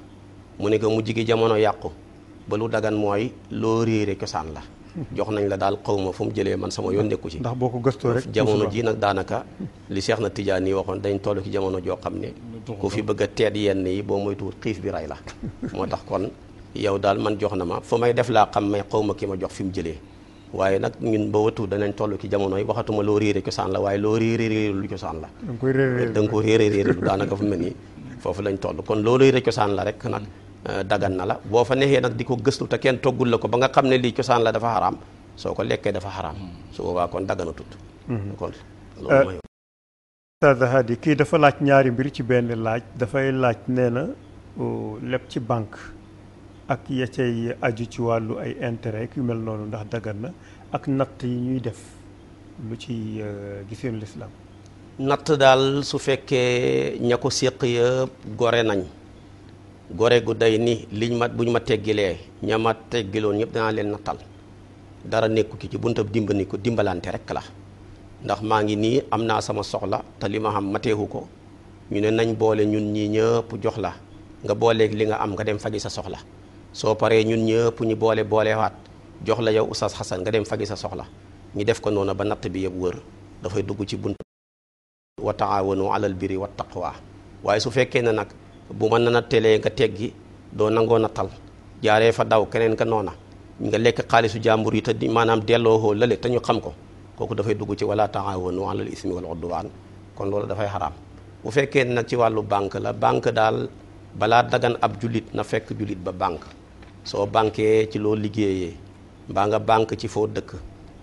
mu ne ko mujj gi jamono yàqu ba lu dagan mooy loo réere cosaan la jox nañ la daal xawma fu mu jëlee man sama yoon nekku ci ndax boo ko gëstoo rek jamono ji nag daanaka li Seex na Tijaan yi waxoon dañ toll ci jamono joo xam ne ko fi bëgg a teet yenn yi boo moytuwul xiif bi ray la moo tax kon yow daal man jox na ma fu may def laa xam may xaw ma ki ma jox fi mu jëlee waaye nag ñun ba wëtu danañ toll ci jamono yi waxatuma loo réere cosaan la waaye loo réere réere lu da nga ko réere réere lu daanaka fu mel nii foofu lañ toll kon loo réere cosaan la rek nag euh, dagan na la boo fa neexee nag di ko gëstu te kenn toggul la ko ba nga xam ne lii cosaan la dafa xaraam soo ko lekkee dafa xaraam su boobaa kon dagana tut mm-hmm. kon loolu euh, mooy Oustaz Hady kii dafa laaj ñaari mbir ci benn laaj dafay laaj nee na oh, lépp ci banque ak ya cay aju ci wàllu ay intérêt yu mel noonu ndax dagan na ak natt yi ñuy def lu ci euh, giseenu lislaam natt daal su fekkee ña ko séq yëpp gore nañ gore gu day ni liñ ma buñ ma teggilee ña ma teggiloon ñëpp danaa leen nattal dara nekku ki ci bunta dimbali ko dimbalante rek la ndax maa ngi nii am naa sama soxla te li ma xam mateewu ko ñu ne nañ boole ñun ñii ñëpp jox la nga booleeg li nga am nga dem faji sa soxla soo paree ñun ñëpp ñu boole boolewaat jox la yow oustaz xasan nga dem fagi sa soxla ñu def ko noonu ba natt bi yëpp wër dafay dugg ci bunt wa taawanu alal birri wa taqwa waaye su fekkee ne nag bu mën na nattelee nga teggi doo nangoon nangoo nattal jaaree fa daw keneen ka noona nga lekk xaalisu jàmbur yi te di maanaam delloo lale te ñu xam ko kooku dafay dugg ci wala taawanu alal ismi wal udwaan kon loolu dafay xaraam bu fekkee nag ci wàllu banque la banque daal balaa dagan ab jullit na fekk jullit ba banque soo banquee ci loo liggéeyee mbaa nga banque ci foo dëkk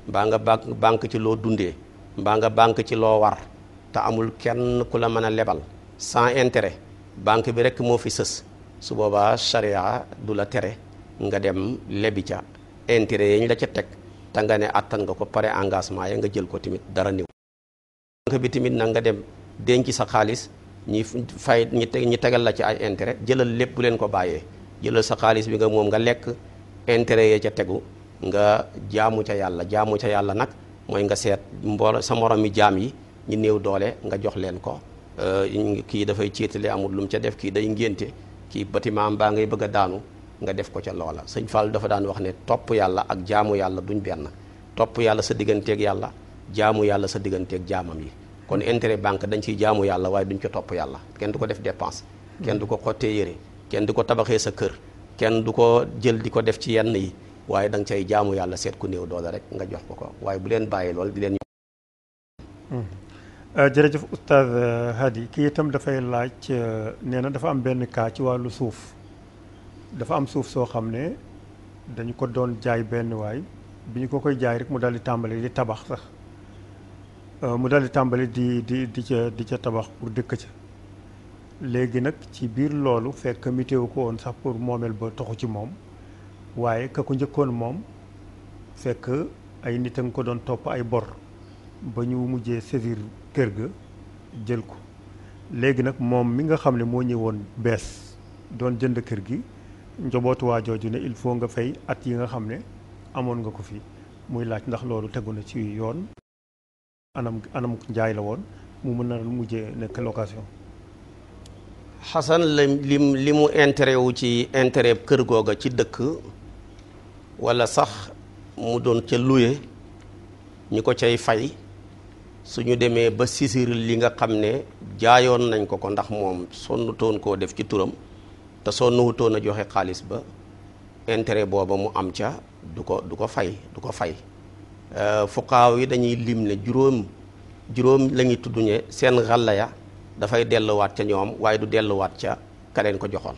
mbaa nga banque banque ci loo dundee mbaa nga banque ci loo war te amul kenn ku la mën a lebal sans intérêt banque bi rek moo fi sës su boobaa charia du la tere nga dem lebi ca intérêt yañ la ca teg te nga ne attan nga ko pare engagement ya nga jël ko tamit dara niw banque bi tamit nag nga dem denc sa xaalis ñi fay ñi tegal la ci ay intérêt jëlal lépp bu leen ko bàyyee jëlal sa xaalis bi nga moom nga lekk intérêt yee ca tegu nga jaamu ca yàlla jaamu ca yàlla nag mooy nga seet mbooloo sa morom mi jaam yi ñu néew doole nga jox leen ko euh, kii dafay ciitale amul lu mu ca def kii day ngénte kii bâtiment baa ngay bëgg a daanu nga def ko ca loola sëñ Fall dafa daan wax ne topp yàlla ak jaamu yàlla duñ benn topp yàlla sa digganteeg yàlla jaamu yàlla sa digganteeg jaamam yi kon intérêt banque dañ ciy jaamu yàlla waaye duñ ca topp yàlla kenn du ko def dépense kenn du ko xottee kenn du ko tabaxee sa kër kenn du ko jël di ko def ci yenn yi waaye danga nga cay jaamu yàlla seet ku néew doole rek nga jox ko ko waaye bu leen bàyyi lool di leen. Hmm. Uh, jërëjëf oustaz uh, Hadi kii itam dafay laaj uh, nee na dafa am benn cas ci wàllu suuf dafa am suuf soo xam ne dañu ko doon jaay benn waay bi ñu ko koy jaay rek mu daal di tàmbali di tabax sax mu daal di tàmbali di di di ca di ca tabax pour dëkk ca. léegi nag ci biir loolu fekk mitewu ko woon sax pour moomeel ba toxu ci moom waaye ka ko njëkkoon moom fekk ay nit a nga ko doon topp ay bor ba ñu mujjee saisir kër ga jël ko léegi nag moom mi nga xam ne moo ñëwoon bees doon jënd kër gi njobootu jooju ne il faut nga fay at yi nga xam ne amoon nga ko fi muy laaj ndax loolu tegu na ci yoon anam anam njaay la woon mu mën na mujjee nekk location xasan la lim li mu intérêt wu ci intérêt kër googa ci dëkk walla sax mu doon ca luye ñu ko cay fay suñu demee ba sisir li nga xam ne jaayoon nañ ko ko ndax moom sonnutoon koo def ci turam te sonnuwutoon a joxe xaalis ba intérêt booba mu am ca du ko du ko fay du ko fay euh, fuqaaw yi dañuy lim ne juróom juróom la ñuy tudd ñe seen ya dafay delluwaat ca ñoom waaye du delluwaat ca ka ko joxoon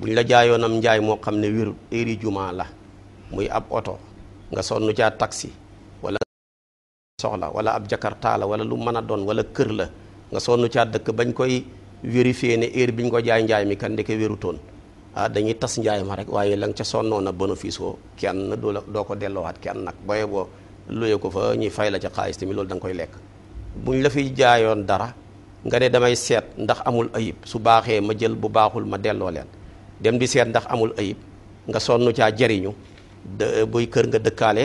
buñ la jaayoonam njaay moo xam ne wérut heure juma la muy ab oto nga sonn caa taxi wala soxla wala ab jakarta la wala lu mën a doon wala kër la nga sonn caa dëkk bañ koy vérifier ne heure biñ ko jaay njaay mi kan ndeke wérutoon ah dañuy tas njaay ma rek waaye la ca sonnoon a bénéfice woo kenn doo la doo ko delloowaat kenn nag booye boo luyee ko fa ñuy fay la ca xaalis tamit loolu da nga koy lekk buñ la jaayoon dara nga ne damay seet ndax amul ayib su baaxee ma jël bu baaxul ma delloo leen dem di seet ndax amul ayib nga sonn caa jariñu buy kër nga dëkkaale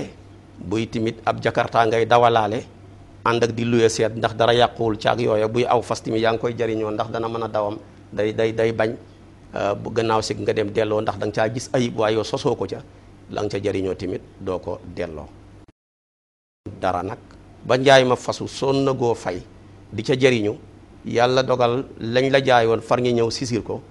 buy timit ab jakarta ngay dawalaale ànd ak di luye seet ndax dara yàquwul ak yooya buy aw fas timit yaa ngi koy jariñoo ndax dana mën a dawam day day day bañ euh, bu gannaaw si nga dem delloo ndax danga caa gis ayib waaye yow sosoo ko ca la nga ca jariñoo timit doo ko delloo dara nag ba njaay ma fasu sonn na goo fay di ca jariñu yàlla dogal lañ la jaay woon far ñi ñëw sisir ko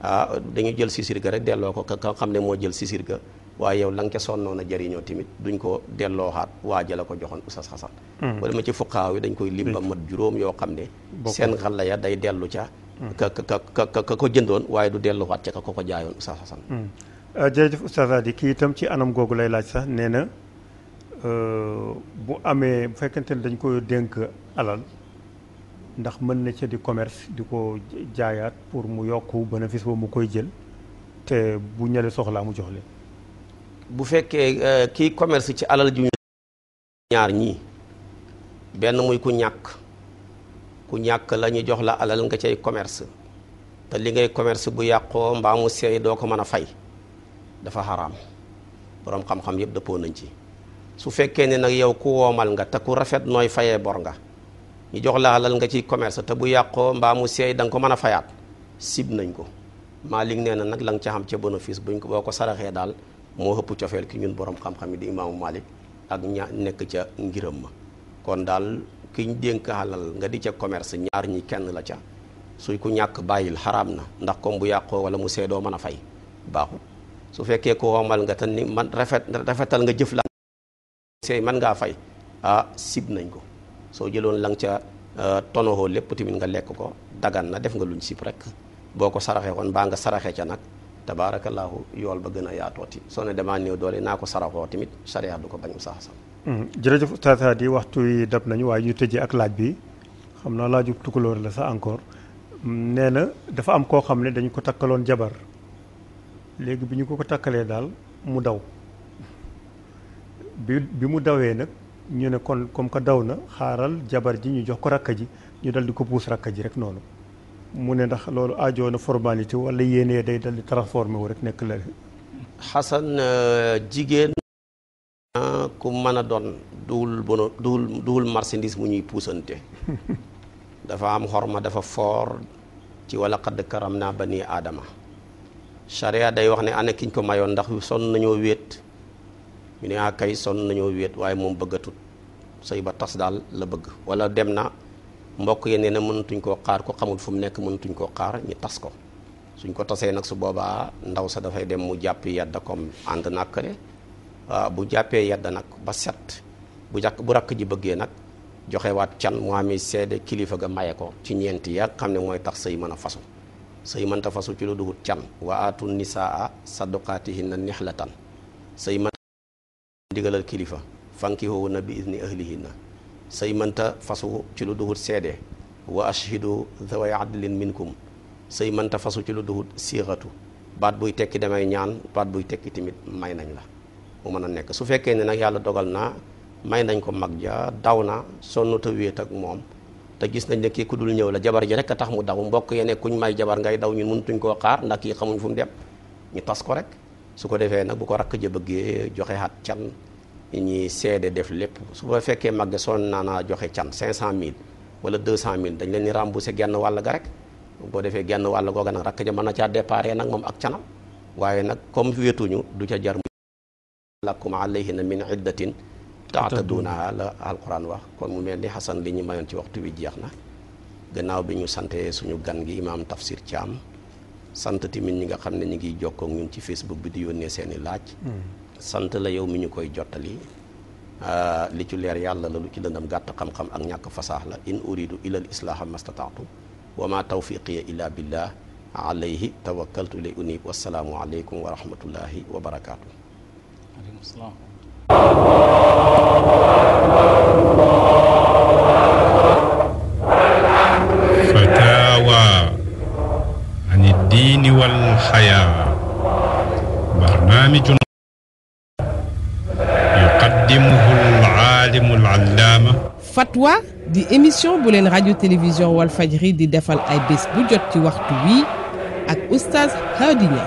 ah dañu jël sisir ga rek delloo ko ka nga xam ne moo jël sisir ga waaye yow la nga ca sonnoon a jëriñoo tamit duñ ko delloo xaat waa jëla ko joxoon Oustaz Xasan hmm. wala ma ci fuqaaw yi dañ koy lim hmm. yoo xam ne seen xalla ya day ca hmm. ka ka ka ka ko waaye du delluwaat ca ko ko jaayoon Oustaz Xasan euh, jërëjëf Oustaz Hady kii itam ci anam googu lay laaj sax nee na euh, bu amee bu fekkente ne dañ koy dénk alal ndax mën na ca di commerce di ko jaayaat pour mu yokk bénéfice ba mu koy jël te bu ñële soxla mu jox leen bu fekkee euh, kii commerce ci alal ju ñaar ñii benn muy ku ñàkk ku ñàkk la ñu jox la alal nga cay commerce te li ngay commerce bu yàqoo mbaa mu doo ko mën a fay dafa xaraam boroom xam-xam yëpp dëppoo nañ ci su fekkee ne nag yow ku woomal nga te ku rafet nooy fayee bor nga ñu jox la nga ci commerce te bu yàqoo mbaa mu seey da ko mën a fayaat sib nañ ko Maalik nee na nag la nga ca xam ca bénéfice buñ ko boo ko saraxee daal moo ëpp cofeel ki ñun borom xam-xam yi di imaamu Maalik ak ña nekk ca ngiram ma kon daal kiñ dénk alal nga di ca commerce ñaar ñi kenn la ca suy ku ñàkk bàyyil xaraam na ndax comme bu yàqoo wala mu seedoo mën a fay baaxul su fekkee ko womal nga tan ni man rafet rafetal nga jëf la seey mën ngaa fay ah sib nañ ko soo jëloon la ca euh, tonoxoo lépp tamit nga lekk ko dagan na def nga luñ sib rek boo ko saraxee woon baa nga saraxee ca nag tabaarakallaahu yool ba gën a yaatooti soo ne damaa néew doole naa ko saraxoo tamit sariya du ko bañ mu sax sax hmm. jërëjëf Oustaz Hady waxtu yi dab nañu waaye ñu tëjee ak laaj bi xam naa laaju tukulóor la sax encore nee na dafa am koo xam ne dañu ko takkaloon jabar léegi bi ñu ko ko takkalee daal mu daw bi bi mu dawee nag ñu ne kon comme que daw na xaaral jabar ji ñu jox ko rakk ji ñu daldi ko puus rakka ji rek noonu mu ne ndax loolu ajoo na formalité wala yéenee day dal di transformé rek nekk la xasan euh, jigéen euh, ku mën a doon duwul bono duwul duwul marchandise mu ñuy puusante [LAUGHS] dafa am ma dafa foor ci wala xadd karam naa ba nii aadama charia day wax ne ana kiñ ko mayoon ndax sonn nañoo wéet ñu ne ah kay sonn nañoo wéet waaye moom bëggatut sëy ba tas daal la bëgg wala dem na mbokk yi nee na mënatuñ koo xaar ko xamul fu mu nekk mënatuñ koo xaar ñu tas ko suñ ko tasee nag su boobaa ndaw sa dafay dem mu jàpp yadda comme ànd nàkkale bu jàppee yadda nag ba set bu jàkk bu rakk ji bëggee nag joxewaat can mu amee seede kilifa ga maye ko ci ñeenti ya xam ne mooy tax sëy mën a fasu sëy mënta fasu ci lu dugut can wa aatu nisaa saduqaatihinna nixlatan sëy mën digalal kilifa fankihuhunna bi idni na sëy mënta fasu ci lu duhut seede wa ashhidu zaway adlin minkum sëy mënta fasu ci lu duhut siixatu baat buy tekki damay ñaan baat buy tekki tamit may nañ la mu mën a nekk su fekkee ne nag yàlla dogal naa may nañ ko mag ja daw na sonn te wéet ak moom te gis nañ ne kii ku dul ñëw la jabar ji rek a tax mu daw mbokk yene kuñ may jabar ngay daw ñun mënutuñ koo xaar ndax kii xamuñ fu mu dem ñu tas ko rek su ko defee nag bu ko rakk ja bëggee joxe xat ñuy seede def lépp su ba fekkee mag sonn naa na joxe can 500000 wala 200000 dañ leen di remboursé genn wàll ga rek boo defee genn wàll googa nag rakk ja mën na caa déparé nag moom ak canam waaye nag comme wéetuñu du ca jar mu lakum alayhina min iddatin taataduunaha la alquran wax kon mu mel ni xasan li ñu mayoon ci waxtu bi jeex na gannaaw bi ñu sante suñu gan gi imaam tafsir Thiam sant tamit ñi nga xam ne ñu ngi jokkoo ak ñun ci facebook bi di yónnee seeni laaj hmm. sant la yow mi ñu koy jottali euh, li ci leer yàlla la lu ci lëndam gàtt xam-xam ak ñàkk fasaax la in uridu ila al islaaha mastataatu wa ma tawfiqiya illa billah alayhi tawakkaltu li unib wassalaamu aleykum wa rahmatullahi wa barakaatu aleykum salaam fatawa ani diini wal xayaa barnaamijun yuqaddimuhu al-aalimu al Fatwa di émission bu leen rajo télévision Walfajri di defal ay bés bu jot ci waxtu wii ak oustaz Hady